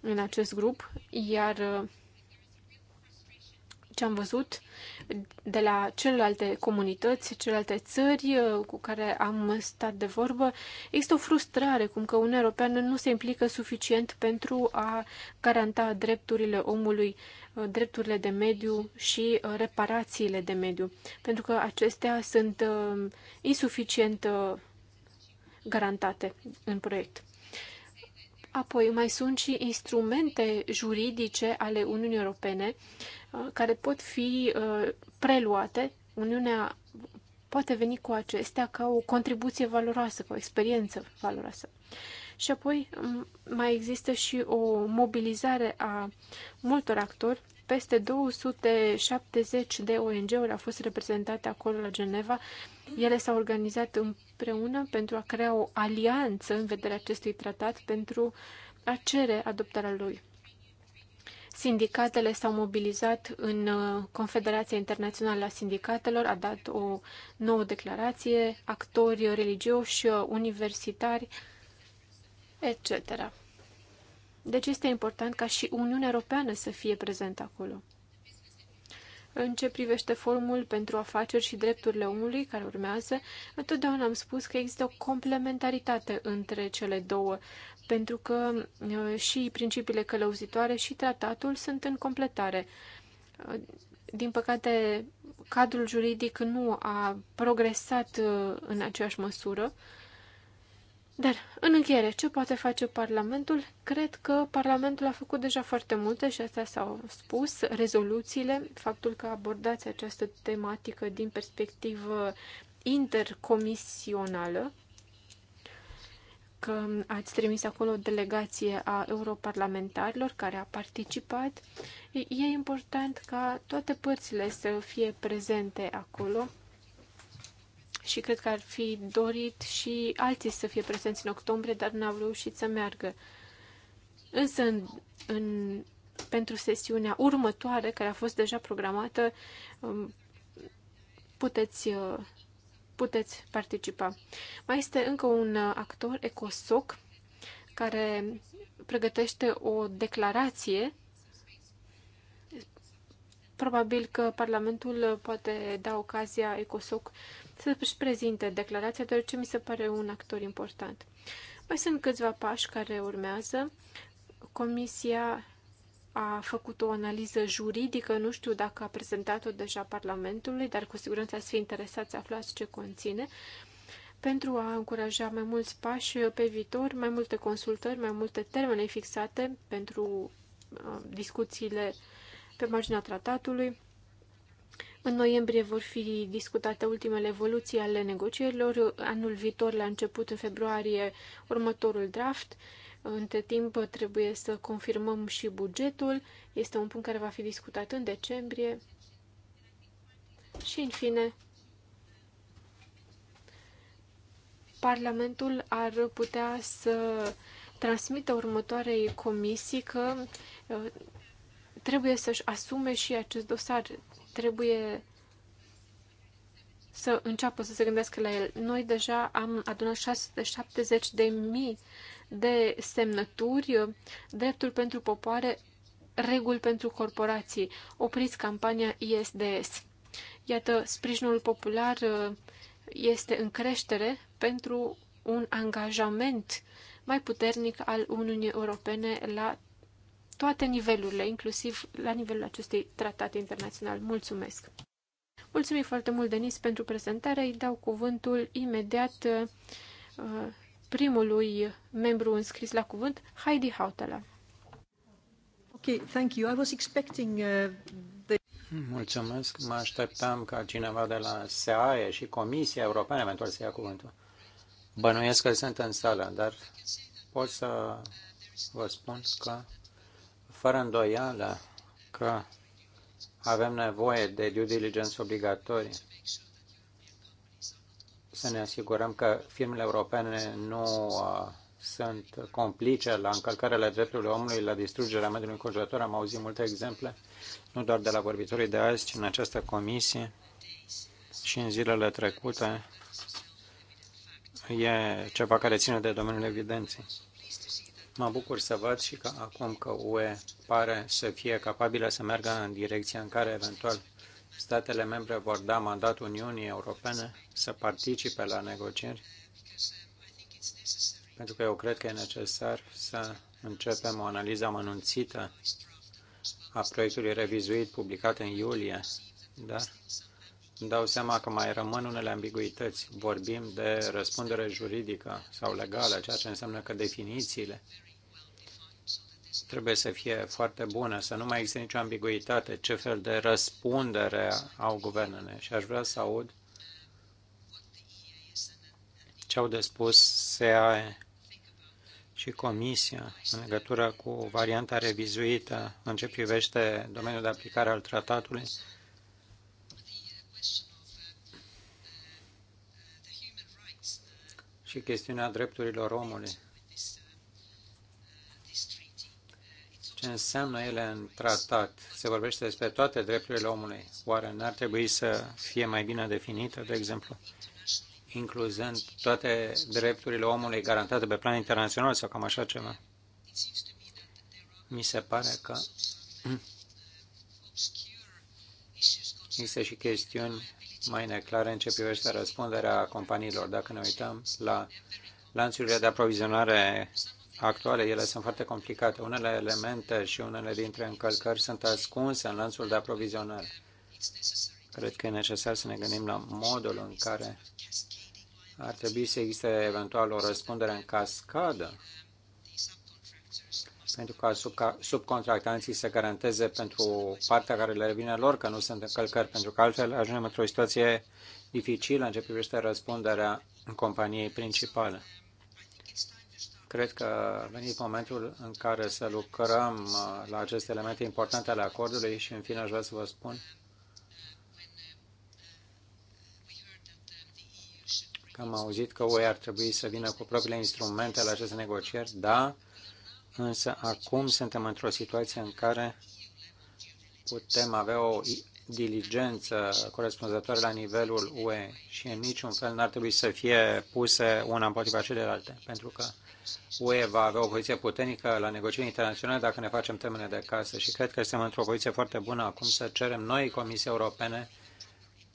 în acest grup, iar ce am văzut de la celelalte comunități, celelalte țări uh, cu care am stat de vorbă, există o frustrare cum că Uniunea Europeană nu se implică suficient pentru a garanta drepturile omului, uh, drepturile de mediu și uh, reparațiile de mediu, pentru că acestea sunt insuficient garantate în proiect. Apoi mai sunt și instrumente juridice ale Uniunii Europene uh, care pot fi uh, preluate. Uniunea poate veni cu acestea ca o contribuție valoroasă, ca o experiență valoroasă. Și apoi mai există și o mobilizare a multor actori. Peste 270 de ONG-uri au fost reprezentate acolo la Geneva, ele s-au organizat împreună pentru a crea o alianță în vederea acestui tratat pentru a cere adoptarea lui. Sindicatele s-au mobilizat în uh, Confederația Internațională a Sindicatelor, a dat o nouă declarație, actori religioși, universitari, etc. Deci este important ca și Uniunea Europeană să fie prezentă acolo. În ce privește forumul pentru afaceri și drepturile omului care urmează, întotdeauna am spus că există o complementaritate între cele două, pentru că uh, și principiile călăuzitoare și tratatul sunt în completare. Uh, din păcate, cadrul juridic nu a progresat uh, în aceeași măsură, dar, în încheiere, ce poate face Parlamentul? Cred că Parlamentul a făcut deja foarte multe și astea s-au spus, rezoluțiile, faptul că abordați această tematică din perspectivă intercomisională, că ați trimis acolo o delegație a europarlamentarilor care a participat. E important ca toate părțile să fie prezente acolo și cred că ar fi dorit și alții să fie prezenți în octombrie, dar n-au reușit să meargă. Însă, în, în, pentru sesiunea următoare, care a fost deja programată, um, puteți, uh, puteți participa. Mai este încă un uh, actor, Ecosoc, care pregătește o declarație probabil că Parlamentul poate da ocazia ECOSOC să-și prezinte declarația, deoarece mi se pare un actor important. Mai sunt câțiva pași care urmează. Comisia a făcut o analiză juridică, nu știu dacă a prezentat-o deja Parlamentului, dar cu siguranță ați fi interesați să aflați ce conține, pentru a încuraja mai mulți pași pe viitor, mai multe consultări, mai multe termene fixate pentru uh, discuțiile pe marginea tratatului. În noiembrie vor fi discutate ultimele evoluții ale negocierilor, anul viitor, la început, în februarie, următorul draft. Între timp trebuie să confirmăm și bugetul. Este un punct care va fi discutat în decembrie. Și, în fine, Parlamentul ar putea să transmită următoarei comisii că uh, trebuie să-și asume și acest dosar, trebuie să înceapă să se gândească la el. Noi deja am adunat 670 de mii de semnături, dreptul pentru popoare, reguli pentru corporații. Opriți campania ISDS. Iată, sprijinul popular uh, este în creștere pentru un angajament mai puternic al Uniunii Europene la toate nivelurile, inclusiv la nivelul acestui tratat internațional. Mulțumesc! Mulțumim foarte mult, Denis, pentru prezentare. Îi dau cuvântul imediat uh, primului membru înscris la cuvânt, Heidi Hautala. Ok, thank you. I was expecting uh, the... Mulțumesc. Mă așteptam ca cineva de la SEAE și Comisia Europeană eventual să ia cuvântul. Bănuiesc că sunt în sală, dar pot să vă spun că fără îndoială că avem nevoie de due diligence obligatorie să ne asigurăm că firmele europene nu uh, sunt complice la încălcările drepturilor omului, la distrugerea mediului înconjurător. Am auzit multe exemple, nu doar de la vorbitorii de azi, ci în această comisie și în zilele trecute. E ceva care ține de domeniul evidenței. Mă bucur să văd și că acum că UE pare să fie capabilă să meargă în direcția în care eventual statele membre vor da mandat Uniunii Europene să participe la negocieri, pentru că eu cred că e necesar să începem o analiză amănunțită a proiectului revizuit publicat în iulie, dar îmi dau seama că mai rămân unele ambiguități. Vorbim de răspundere juridică sau legală, ceea ce înseamnă că definițiile trebuie să fie foarte bună, să nu mai există nicio ambiguitate, ce fel de răspundere au guvernele. Și aș vrea să aud ce au de spus SEAE și Comisia în legătură cu varianta revizuită în ce privește domeniul de aplicare al tratatului. și chestiunea drepturilor omului ce înseamnă ele în tratat. Se vorbește despre toate drepturile omului. Oare n-ar trebui să fie mai bine definită, de exemplu, incluzând toate drepturile omului garantate pe plan internațional sau cam așa ceva? Mi se pare că există și chestiuni mai neclare în ce privește răspunderea companiilor. Dacă ne uităm la lanțurile de aprovizionare actuale, ele sunt foarte complicate. Unele elemente și unele dintre încălcări sunt ascunse în lanțul de aprovizionare. Cred că e necesar să ne gândim la modul în care ar trebui să existe eventual o răspundere în cascadă pentru ca subcontractanții să garanteze pentru partea care le revine lor că nu sunt încălcări, pentru că altfel ajungem într-o situație dificilă în ce privește răspunderea companiei principale. Cred că a venit momentul în care să lucrăm uh, la aceste elemente importante ale acordului și, în fine, aș vrea să vă spun că am auzit că UE ar trebui să vină cu propriile instrumente la aceste negocieri, da, însă acum suntem într-o situație în care putem avea o diligență corespunzătoare la nivelul UE și în niciun fel n-ar trebui să fie puse una împotriva celelalte, pentru că UE va avea o poziție puternică la negocieri internaționale dacă ne facem temele de casă și cred că suntem într-o poziție foarte bună acum să cerem noi Comisii Europene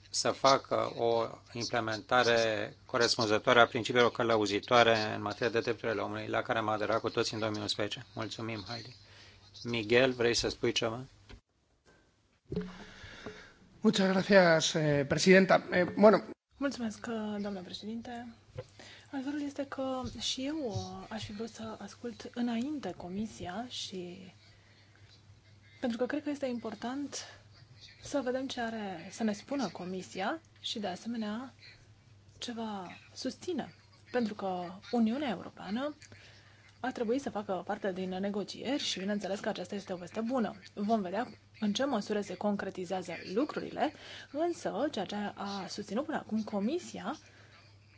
să facă o implementare corespunzătoare a principiilor călăuzitoare în materie de drepturile omului, la care am aderat cu toți în 2011. Mulțumim, Heidi. Miguel, vrei să spui ceva? Muchas gracias, eh, presidenta. Eh, bueno. Mulțumesc, doamnă președinte. Adevărul este că și eu aș fi vrut să ascult înainte comisia și pentru că cred că este important să vedem ce are să ne spună comisia și de asemenea ce va susține. Pentru că Uniunea Europeană a trebuit să facă parte din negocieri și bineînțeles că aceasta este o veste bună. Vom vedea în ce măsură se concretizează lucrurile, însă ceea ce a susținut până acum Comisia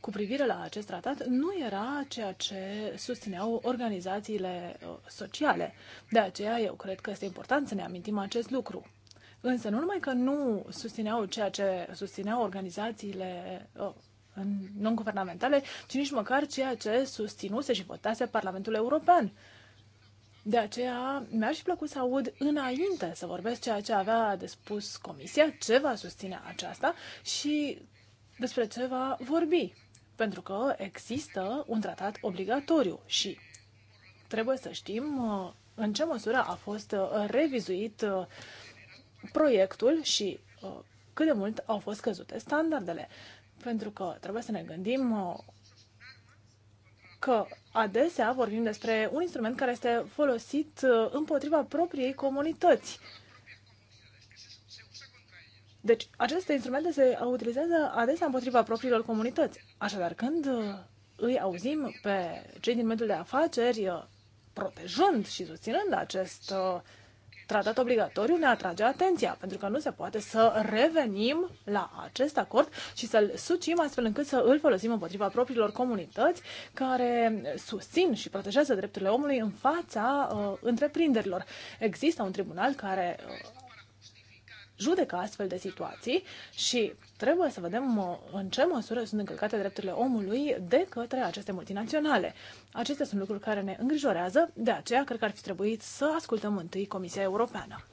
cu privire la acest tratat nu era ceea ce susțineau organizațiile uh, sociale. De aceea eu cred că este important să ne amintim acest lucru. Însă nu numai că nu susțineau ceea ce susțineau organizațiile uh, non-guvernamentale, ci nici măcar ceea ce susținuse și votase Parlamentul European. De aceea mi-ar fi plăcut să aud înainte să vorbesc ceea ce avea de spus Comisia, ce va susține aceasta și despre ce va vorbi. Pentru că există un tratat obligatoriu și trebuie să știm uh, în ce măsură a fost uh, revizuit uh, proiectul și cât de mult au fost căzute standardele. Pentru că trebuie să ne gândim că adesea vorbim despre un instrument care este folosit împotriva propriei comunități deci, aceste instrumente se utilizează adesea împotriva propriilor comunități. Așadar, când uh, îi auzim pe cei din mediul de afaceri uh, protejând și susținând acest uh, tratat obligatoriu, ne atrage atenția, pentru că nu se poate să revenim la acest acord și să-l sucim astfel încât să îl folosim împotriva propriilor comunități care susțin și protejează drepturile omului în fața uh, întreprinderilor. Există un tribunal care uh, judecă astfel de situații și trebuie să vedem în ce măsură sunt încălcate drepturile omului de către aceste multinaționale. Acestea sunt lucruri care ne îngrijorează, de aceea cred că ar fi trebuit să ascultăm întâi Comisia Europeană.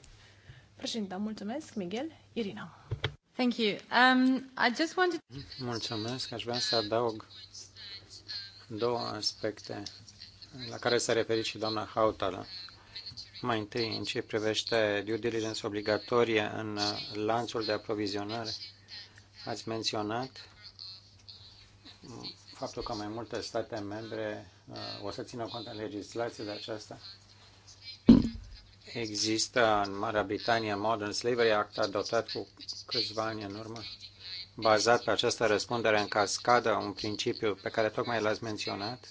Președinte, mulțumesc, Miguel, Irina. Thank you. Um, I just wanted... Mulțumesc, aș vrea să adaug două aspecte la care s-a referit și doamna Hautala. Mai întâi, în ce privește due diligence obligatorie în lanțul de aprovizionare, ați menționat faptul că mai multe state membre uh, o să țină cont în legislație de aceasta. Există în Marea Britanie Modern Slavery Act adoptat cu câțiva ani în urmă, bazat pe această răspundere în cascadă, un principiu pe care tocmai l-ați menționat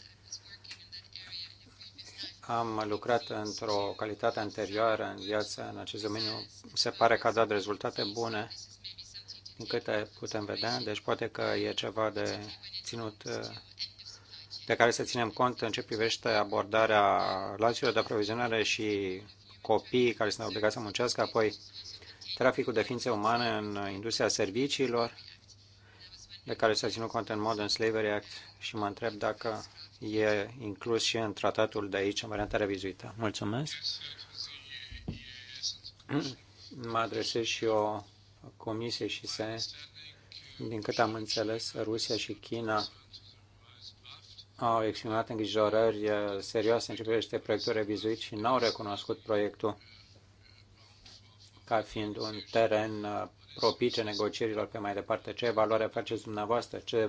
am lucrat într-o calitate anterioară în viață în acest domeniu. Se pare că a dat rezultate bune, din câte putem vedea. Deci poate că e ceva de ținut de care să ținem cont în ce privește abordarea lanțurilor de aprovizionare și copiii care sunt obligați să muncească, apoi traficul de ființe umane în industria serviciilor, de care s-a ținut cont în Modern Slavery Act și mă întreb dacă e inclus și în tratatul de aici, în varianta revizuită. Mulțumesc. Mă adresez și o comisie și se, din cât am înțeles, Rusia și China au exprimat îngrijorări serioase în ce privește proiectul revizuit și n-au recunoscut proiectul ca fiind un teren propice negocierilor pe mai departe. Ce valoare faceți dumneavoastră? Ce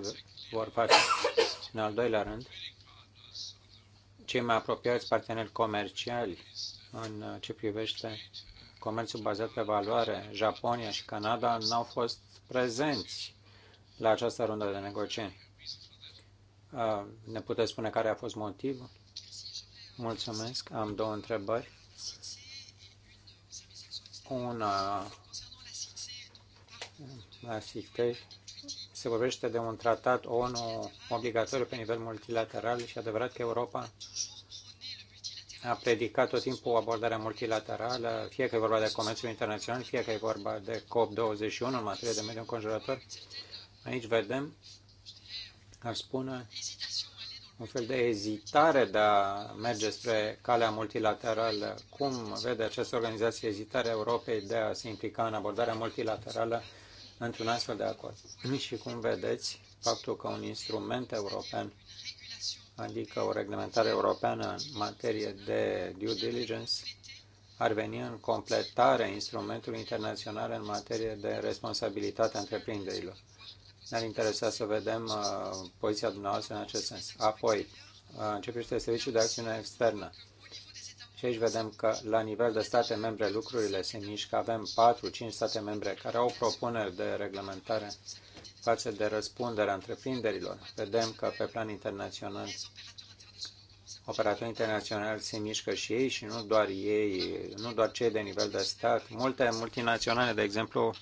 vor face? În al doilea rând, cei mai apropiați parteneri comerciali în ce privește comerțul bazat pe valoare, Japonia și Canada, n-au fost prezenți la această rundă de negocieri. Ne puteți spune care a fost motivul? Mulțumesc. Am două întrebări. Una la SITE se vorbește de un tratat ONU obligatoriu pe nivel multilateral și adevărat că Europa a predicat tot timpul abordarea multilaterală, fie că e vorba de comerțul internațional, fie că e vorba de COP21 în materie de mediu înconjurător. Aici vedem, ar spune, un fel de ezitare de a merge spre calea multilaterală. Cum vede această organizație ezitarea Europei de a se implica în abordarea multilaterală într-un astfel de acord. Și cum vedeți, faptul că un instrument european, adică o reglementare europeană în materie de due diligence, ar veni în completarea instrumentului internațional în materie de responsabilitatea întreprinderilor. Ne-ar interesa să vedem uh, poziția dumneavoastră în acest sens. Apoi, uh, începește serviciul de acțiune externă. Și aici vedem că la nivel de state membre lucrurile se mișcă. Avem 4-5 state membre care au propuneri de reglementare față de răspunderea întreprinderilor. Vedem că pe plan internațional operatorii internaționali se mișcă și ei și nu doar ei, nu doar cei de nivel de stat. Multe multinaționale, de exemplu,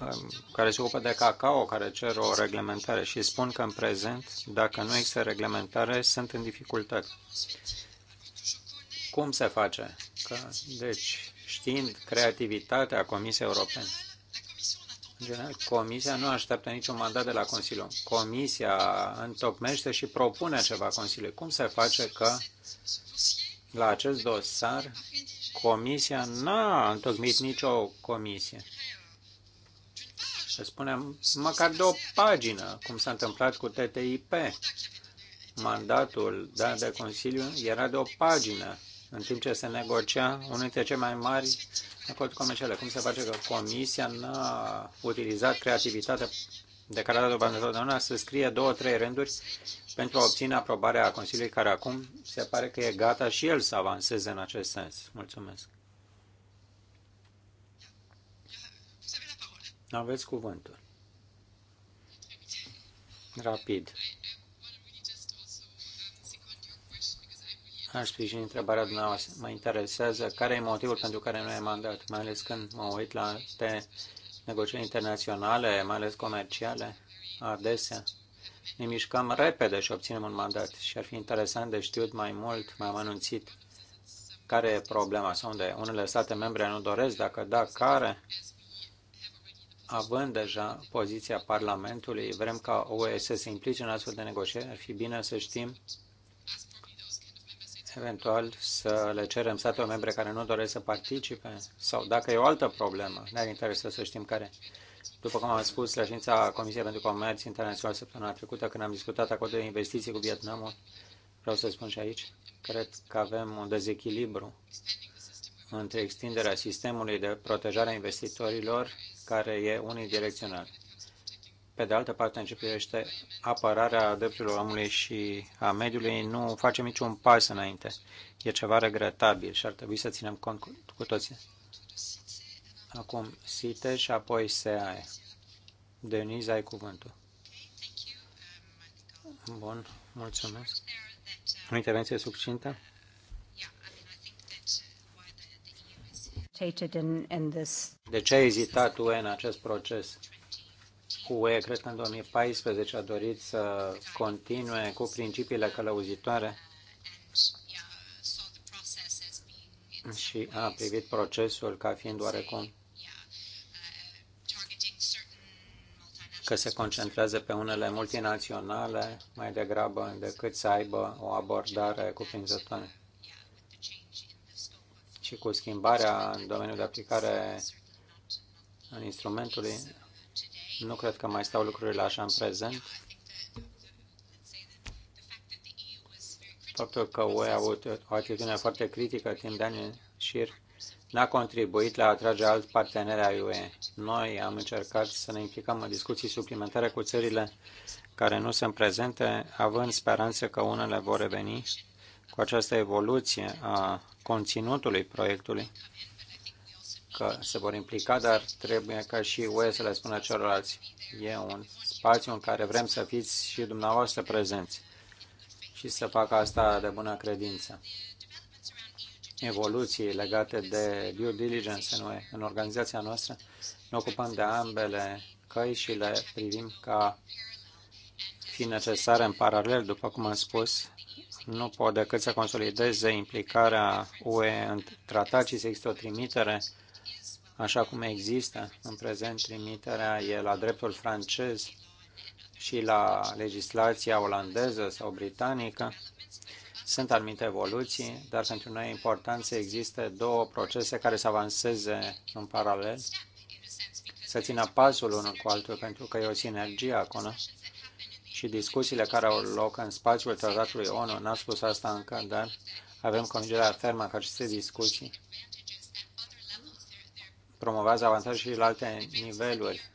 um, care se ocupă de cacao, care cer o reglementare și spun că în prezent, dacă nu există reglementare, sunt în dificultate. Cum se face? Că, deci, știind creativitatea Comisiei Europene, în general, Comisia nu așteaptă niciun mandat de la Consiliu. Comisia întocmește și propune ceva Consiliului. Cum se face că la acest dosar Comisia n-a întocmit nicio comisie? Să spunem, măcar de o pagină, cum s-a întâmplat cu TTIP. Mandatul dat de Consiliu era de o pagină în timp ce se negocia unul dintre cei mai mari acorduri comerciale. Cum se face că Comisia n-a utilizat creativitatea de care a dat dovadă să scrie două, trei rânduri pentru a obține aprobarea Consiliului, care acum se pare că e gata și el să avanseze în acest sens. Mulțumesc. Aveți cuvântul. Rapid. Aș sprijini întrebarea dumneavoastră. Mă interesează care e motivul pentru care nu e mandat, mai ales când mă uit la alte negocieri internaționale, mai ales comerciale, adesea. Ne mișcăm repede și obținem un mandat și ar fi interesant de știut mai mult, mai am anunțit care e problema sau unde unele state membre nu doresc, dacă da, care, având deja poziția Parlamentului, vrem ca OE să se implice în astfel de negocieri, ar fi bine să știm eventual să le cerem statelor membre care nu doresc să participe sau dacă e o altă problemă, ne-ar interesa să știm care. După cum am spus la ședința Comisiei pentru Comerț Internațional săptămâna trecută, când am discutat acordul de investiții cu Vietnamul, vreau să spun și aici, cred că avem un dezechilibru între extinderea sistemului de protejare a investitorilor, care e unidirecțional. Pe de altă parte, în ce privește apărarea drepturilor omului și a mediului, nu facem niciun pas înainte. E ceva regretabil și ar trebui să ținem cont cu, cu toții. Acum SITE și apoi SEAE. Denise, ai cuvântul. Bun, mulțumesc. O intervenție succintă? De ce a ezitat UE în acest proces? UE, cred că în 2014 a dorit să continue cu principiile călăuzitoare și a privit procesul ca fiind oarecum că se concentrează pe unele multinaționale mai degrabă decât să aibă o abordare cuprinzătoare. Și cu schimbarea în domeniul de aplicare în instrumentului, nu cred că mai stau lucrurile așa în prezent. Faptul că UE a avut o atitudine foarte critică timp de ani în șir n-a contribuit la a atrage alt partener ai UE. Noi am încercat să ne implicăm în discuții suplimentare cu țările care nu sunt prezente, având speranță că unele vor reveni cu această evoluție a conținutului proiectului că se vor implica, dar trebuie ca și UE să le spună celorlalți. E un spațiu în care vrem să fiți și dumneavoastră prezenți și să facă asta de bună credință. Evoluții legate de due diligence în, UE, în organizația noastră ne ocupăm de ambele căi și le privim ca fi necesare în paralel, după cum am spus, nu pot decât să consolideze implicarea UE în tratat și să există o trimitere așa cum există în prezent trimiterea e la dreptul francez și la legislația olandeză sau britanică. Sunt anumite evoluții, dar pentru noi e important să existe două procese care să avanseze în paralel, să țină pasul unul cu altul, pentru că e o sinergie acolo și discuțiile care au loc în spațiul tratatului ONU, n-am spus asta încă, dar avem convingerea fermă că aceste discuții promovează avantaje și la alte niveluri,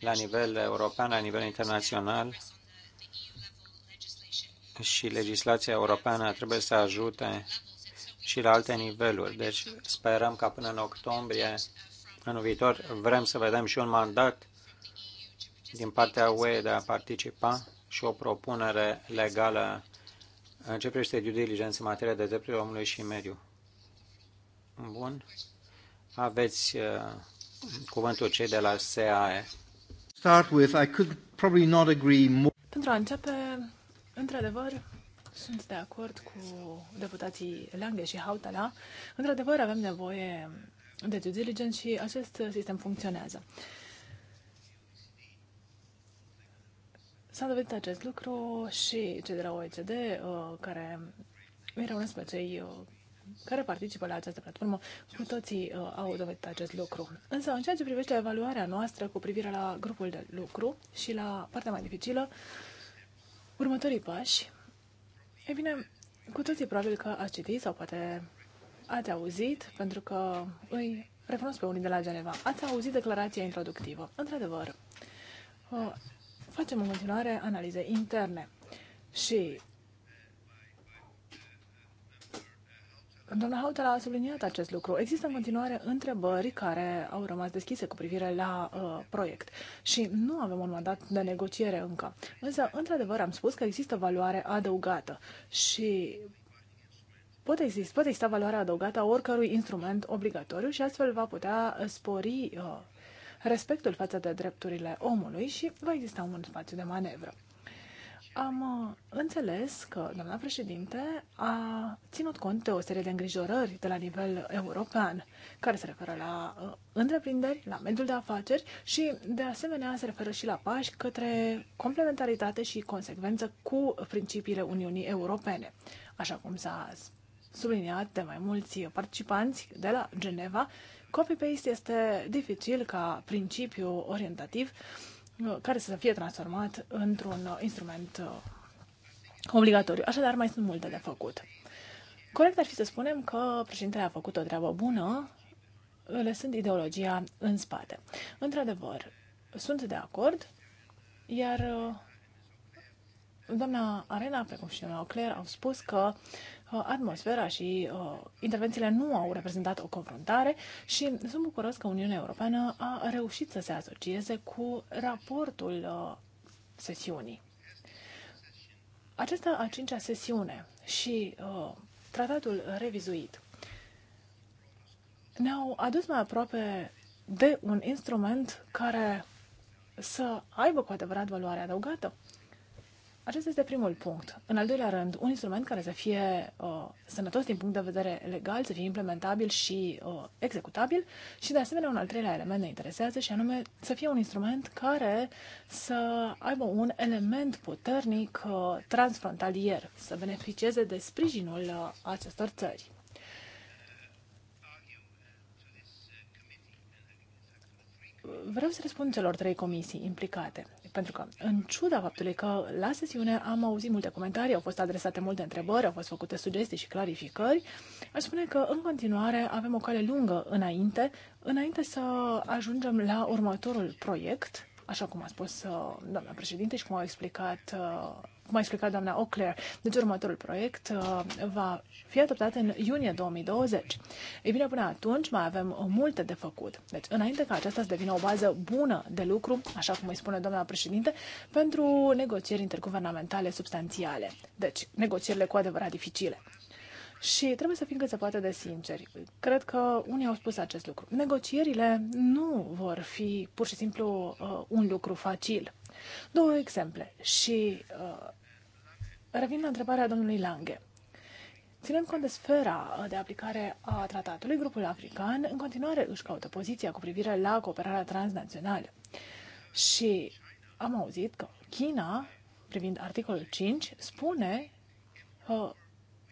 la nivel european, la nivel internațional și legislația europeană trebuie să ajute și la alte niveluri. Deci sperăm ca până în octombrie în viitor vrem să vedem și un mandat din partea UE de a participa și o propunere legală în ce privește due diligence în materie de drepturile omului și mediu. Bun. Aveți uh, cuvântul cei de la SAE. Start with, I could probably not agree more. Pentru a începe, într-adevăr, sunt de acord cu deputații Lange și Hautala. Într-adevăr, avem nevoie de due diligence și acest sistem funcționează. S-a dovedit acest lucru și cei de la OECD, uh, care erau unul dintre cei care participă la această platformă, cu toții uh, au dovedit acest lucru. Însă, în ceea ce privește evaluarea noastră cu privire la grupul de lucru și la partea mai dificilă, următorii pași, e bine, cu toții probabil că ați citit sau poate ați auzit, pentru că îi recunosc pe unii de la Geneva, ați auzit declarația introductivă. Într-adevăr, uh, facem în continuare analize interne și Doamna Hautala a subliniat acest lucru. Există în continuare întrebări care au rămas deschise cu privire la uh, proiect și nu avem un mandat de negociere încă. Însă, într-adevăr, am spus că există valoare adăugată și pot exista, poate exista valoarea adăugată a oricărui instrument obligatoriu și astfel va putea uh, spori uh, respectul față de drepturile omului și va exista un spațiu de manevră. Am uh, înțeles că doamna președinte a ținut cont de o serie de îngrijorări de la nivel european, care se referă la uh, întreprinderi, la mediul de afaceri și, de asemenea, se referă și la pași către complementaritate și consecvență cu principiile Uniunii Europene, așa cum s-a subliniat de mai mulți participanți de la Geneva, copy-paste este dificil ca principiu orientativ, care să fie transformat într-un uh, instrument uh, obligatoriu. Așadar, mai sunt multe de făcut. Corect ar fi să spunem că președintele a făcut o treabă bună, lăsând ideologia în spate. Într-adevăr, sunt de acord, iar uh, doamna Arena, precum și doamna Ocler, au spus că Uh, atmosfera și uh, intervențiile nu au reprezentat o confruntare și sunt bucuros că Uniunea Europeană a reușit să se asocieze cu raportul uh, sesiunii. Aceasta a cincea sesiune și uh, tratatul revizuit ne-au adus mai aproape de un instrument care să aibă cu adevărat valoare adăugată acesta este primul punct. În al doilea rând, un instrument care să fie uh, sănătos din punct de vedere legal, să fie implementabil și uh, executabil și, de asemenea, un al treilea element ne interesează și anume să fie un instrument care să aibă un element puternic uh, transfrontalier, să beneficieze de sprijinul uh, acestor țări. vreau să răspund celor trei comisii implicate, pentru că, în ciuda faptului că la sesiune am auzit multe comentarii, au fost adresate multe întrebări, au fost făcute sugestii și clarificări, aș spune că, în continuare, avem o cale lungă înainte, înainte să ajungem la următorul proiect, așa cum a spus uh, doamna președinte și cum au explicat uh, cum a explicat doamna O'Clair. Deci următorul proiect uh, va fi adoptat în iunie 2020. Ei bine, până atunci mai avem multe de făcut. Deci, înainte ca aceasta să devină o bază bună de lucru, așa cum îi spune doamna președinte, pentru negocieri interguvernamentale substanțiale. Deci, negocierile cu adevărat dificile. Și trebuie să fim cât se poate de sinceri. Cred că unii au spus acest lucru. Negocierile nu vor fi pur și simplu uh, un lucru facil. Două exemple și uh, revin la întrebarea domnului Lange. Ținând cont de sfera de aplicare a tratatului, grupul african în continuare își caută poziția cu privire la cooperarea transnațională. Și am auzit că China, privind articolul 5, spune uh,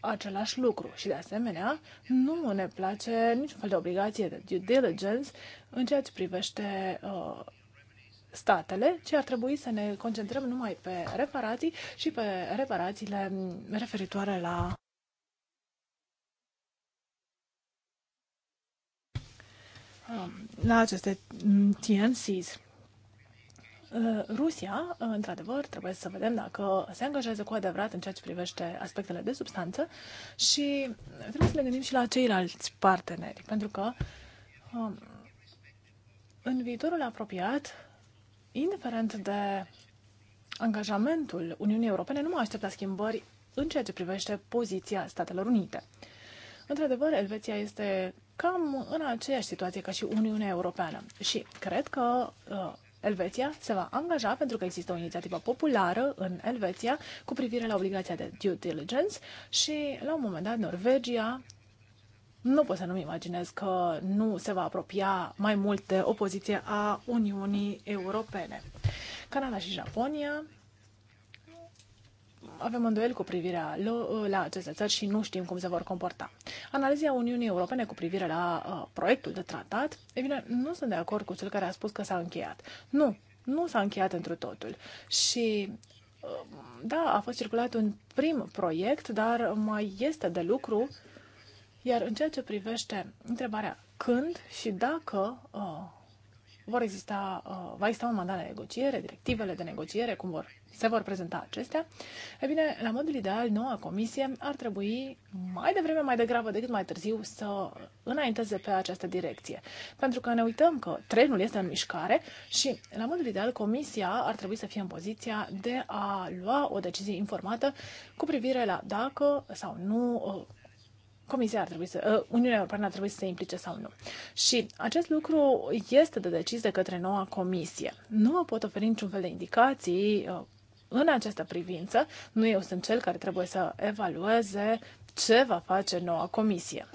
același lucru și, de asemenea, nu ne place niciun fel de obligație de due diligence în ceea ce privește uh, statele, ci ar trebui să ne concentrăm numai pe reparații și pe reparațiile referitoare la la aceste TNCs. Uh, Rusia, uh, într-adevăr, trebuie să vedem dacă se angajează cu adevărat în ceea ce privește aspectele de substanță și trebuie să ne gândim și la ceilalți parteneri, pentru că um, în viitorul apropiat indiferent de angajamentul Uniunii Europene, nu mă aștepta schimbări în ceea ce privește poziția Statelor Unite. Într-adevăr, Elveția este cam în aceeași situație ca și Uniunea Europeană și cred că uh, Elveția se va angaja pentru că există o inițiativă populară în Elveția cu privire la obligația de due diligence și la un moment dat Norvegia nu pot să nu-mi imaginez că nu se va apropia mai mult de o poziție a Uniunii Europene. Canada și Japonia avem îndoieli cu privirea la aceste țări și nu știm cum se vor comporta. Analiza Uniunii Europene cu privire la uh, proiectul de tratat, e bine, nu sunt de acord cu cel care a spus că s-a încheiat. Nu, nu s-a încheiat întru totul. Și uh, da, a fost circulat un prim proiect, dar mai este de lucru uh, iar în ceea ce privește întrebarea când și dacă uh, vor exista, uh, va exista un mandat de negociere, directivele de negociere, cum vor, se vor prezenta acestea, e bine, la modul ideal, noua comisie ar trebui mai devreme, mai degrabă decât mai târziu să înainteze pe această direcție. Pentru că ne uităm că trenul este în mișcare și, la modul ideal, comisia ar trebui să fie în poziția de a lua o decizie informată cu privire la dacă sau nu uh, Comisia ar trebui să, uh, Uniunea Europeană ar trebui să se implice sau nu. Și acest lucru este de decis de către noua comisie. Nu vă pot oferi niciun fel de indicații uh, în această privință. Nu eu sunt cel care trebuie să evalueze ce va face noua comisie.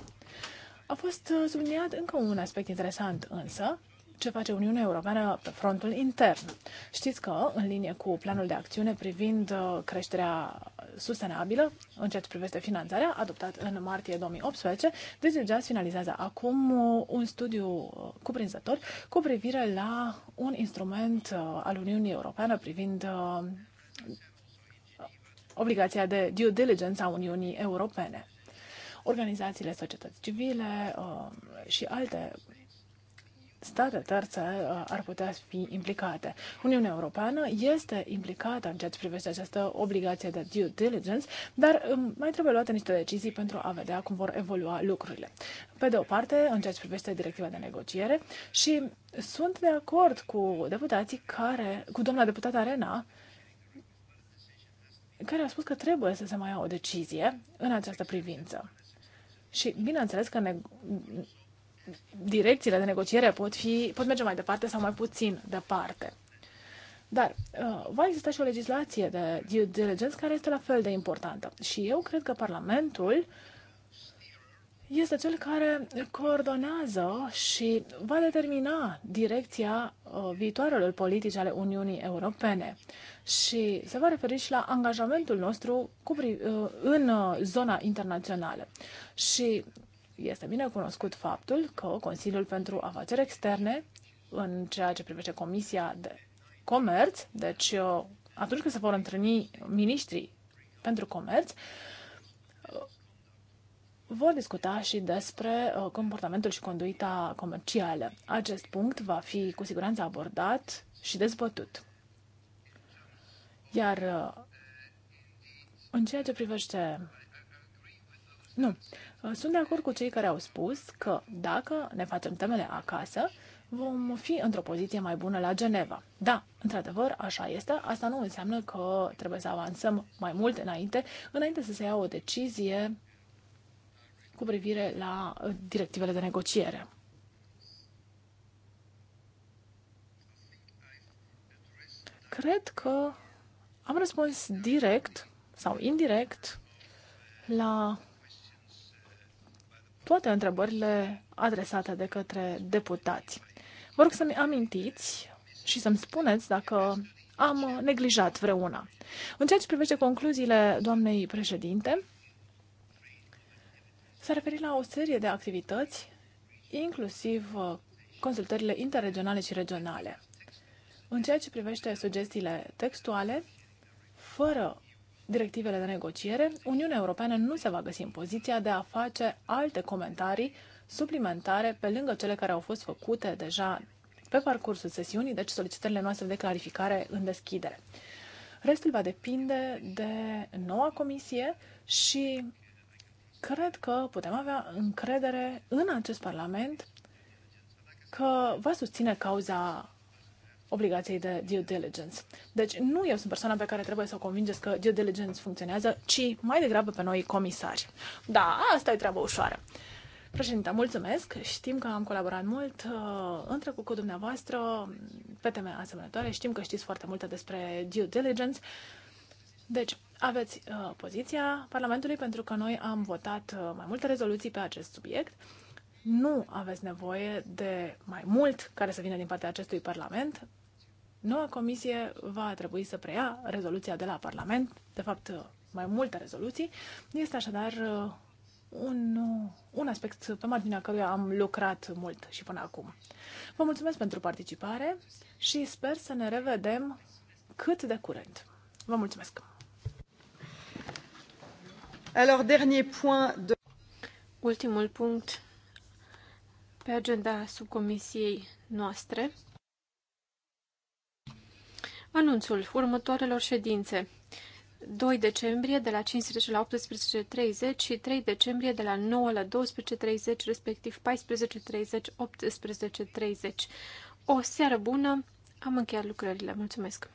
A fost uh, subliniat încă un aspect interesant însă, ce face Uniunea Europeană pe frontul intern. Știți că, în linie cu planul de acțiune privind uh, creșterea sustenabilă, în ceea ce privește finanțarea, adoptat în martie 2018, DigiJazz finalizează acum uh, un studiu uh, cuprinzător cu privire la un instrument al Uniunii Europeană privind obligația de due diligence a Uniunii Europene organizațiile societăți civile uh, și alte state terțe uh, ar putea fi implicate. Uniunea Europeană este implicată în ceea ce privește această obligație de due diligence, dar um, mai trebuie luate niște decizii pentru a vedea cum vor evolua lucrurile. Pe de o parte, în ceea ce privește directiva de negociere și sunt de acord cu deputații care, cu doamna deputată Arena, care a spus că trebuie să se mai ia o decizie în această privință. Și bineînțeles că direcțiile de negociere pot, fi, pot merge mai departe sau mai puțin departe. Dar uh, va exista și o legislație de due diligence care este la fel de importantă. Și eu cred că Parlamentul este cel care coordonează și va determina direcția uh, viitoarelor politici ale Uniunii Europene. Și se va referi și la angajamentul nostru cu, uh, în uh, zona internațională. Și este bine cunoscut faptul că Consiliul pentru Afaceri Externe, în ceea ce privește Comisia de Comerț, deci uh, atunci când se vor întâlni ministrii pentru comerț, uh, vor discuta și despre uh, comportamentul și conduita comercială. Acest punct va fi cu siguranță abordat și dezbătut. Iar în ceea ce privește nu. Uh, sunt de acord cu cei care au spus că dacă ne facem temele acasă, vom fi într-o poziție mai bună la Geneva. Da, într-adevăr, așa este. Asta nu înseamnă că trebuie să avansăm mai mult înainte, înainte să se ia o decizie cu privire la uh, directivele de negociere. Cred că am răspuns direct sau indirect la toate întrebările adresate de către deputați. Vă rog să-mi amintiți și să-mi spuneți dacă am neglijat vreuna. În ceea ce privește concluziile doamnei președinte, s-a referit la o serie de activități, inclusiv uh, consultările interregionale și regionale. În ceea ce privește sugestiile textuale, fără directivele de negociere, Uniunea Europeană nu se va găsi în poziția de a face alte comentarii suplimentare pe lângă cele care au fost făcute deja pe parcursul sesiunii, deci solicitările noastre de clarificare în deschidere. Restul va depinde de noua comisie și cred că putem avea încredere în acest Parlament că va susține cauza obligației de due diligence. Deci nu eu sunt persoana pe care trebuie să o convingeți că due diligence funcționează, ci mai degrabă pe noi comisari. Da, asta e treaba ușoară. Președinte, mulțumesc. Știm că am colaborat mult uh, în trecut cu dumneavoastră pe teme asemănătoare. Știm că știți foarte multe despre due diligence. Deci, aveți uh, poziția Parlamentului pentru că noi am votat uh, mai multe rezoluții pe acest subiect. Uh, nu aveți nevoie de mai mult care să vină din partea acestui Parlament. Noua comisie va trebui să preia rezoluția de la Parlament, de fapt mai multe rezoluții. Este așadar uh, un, uh, un aspect pe marginea căruia am lucrat mult și până acum. Vă mulțumesc pentru participare și sper să ne revedem cât de curând. Vă mulțumesc! Alors, dernier point de... Ultimul punct pe agenda subcomisiei noastre anunțul următoarelor ședințe. 2 decembrie de la 15 la 18.30 și 3 decembrie de la 9 la 12.30, respectiv 14.30, 18.30. O seară bună! Am încheiat lucrările. Mulțumesc!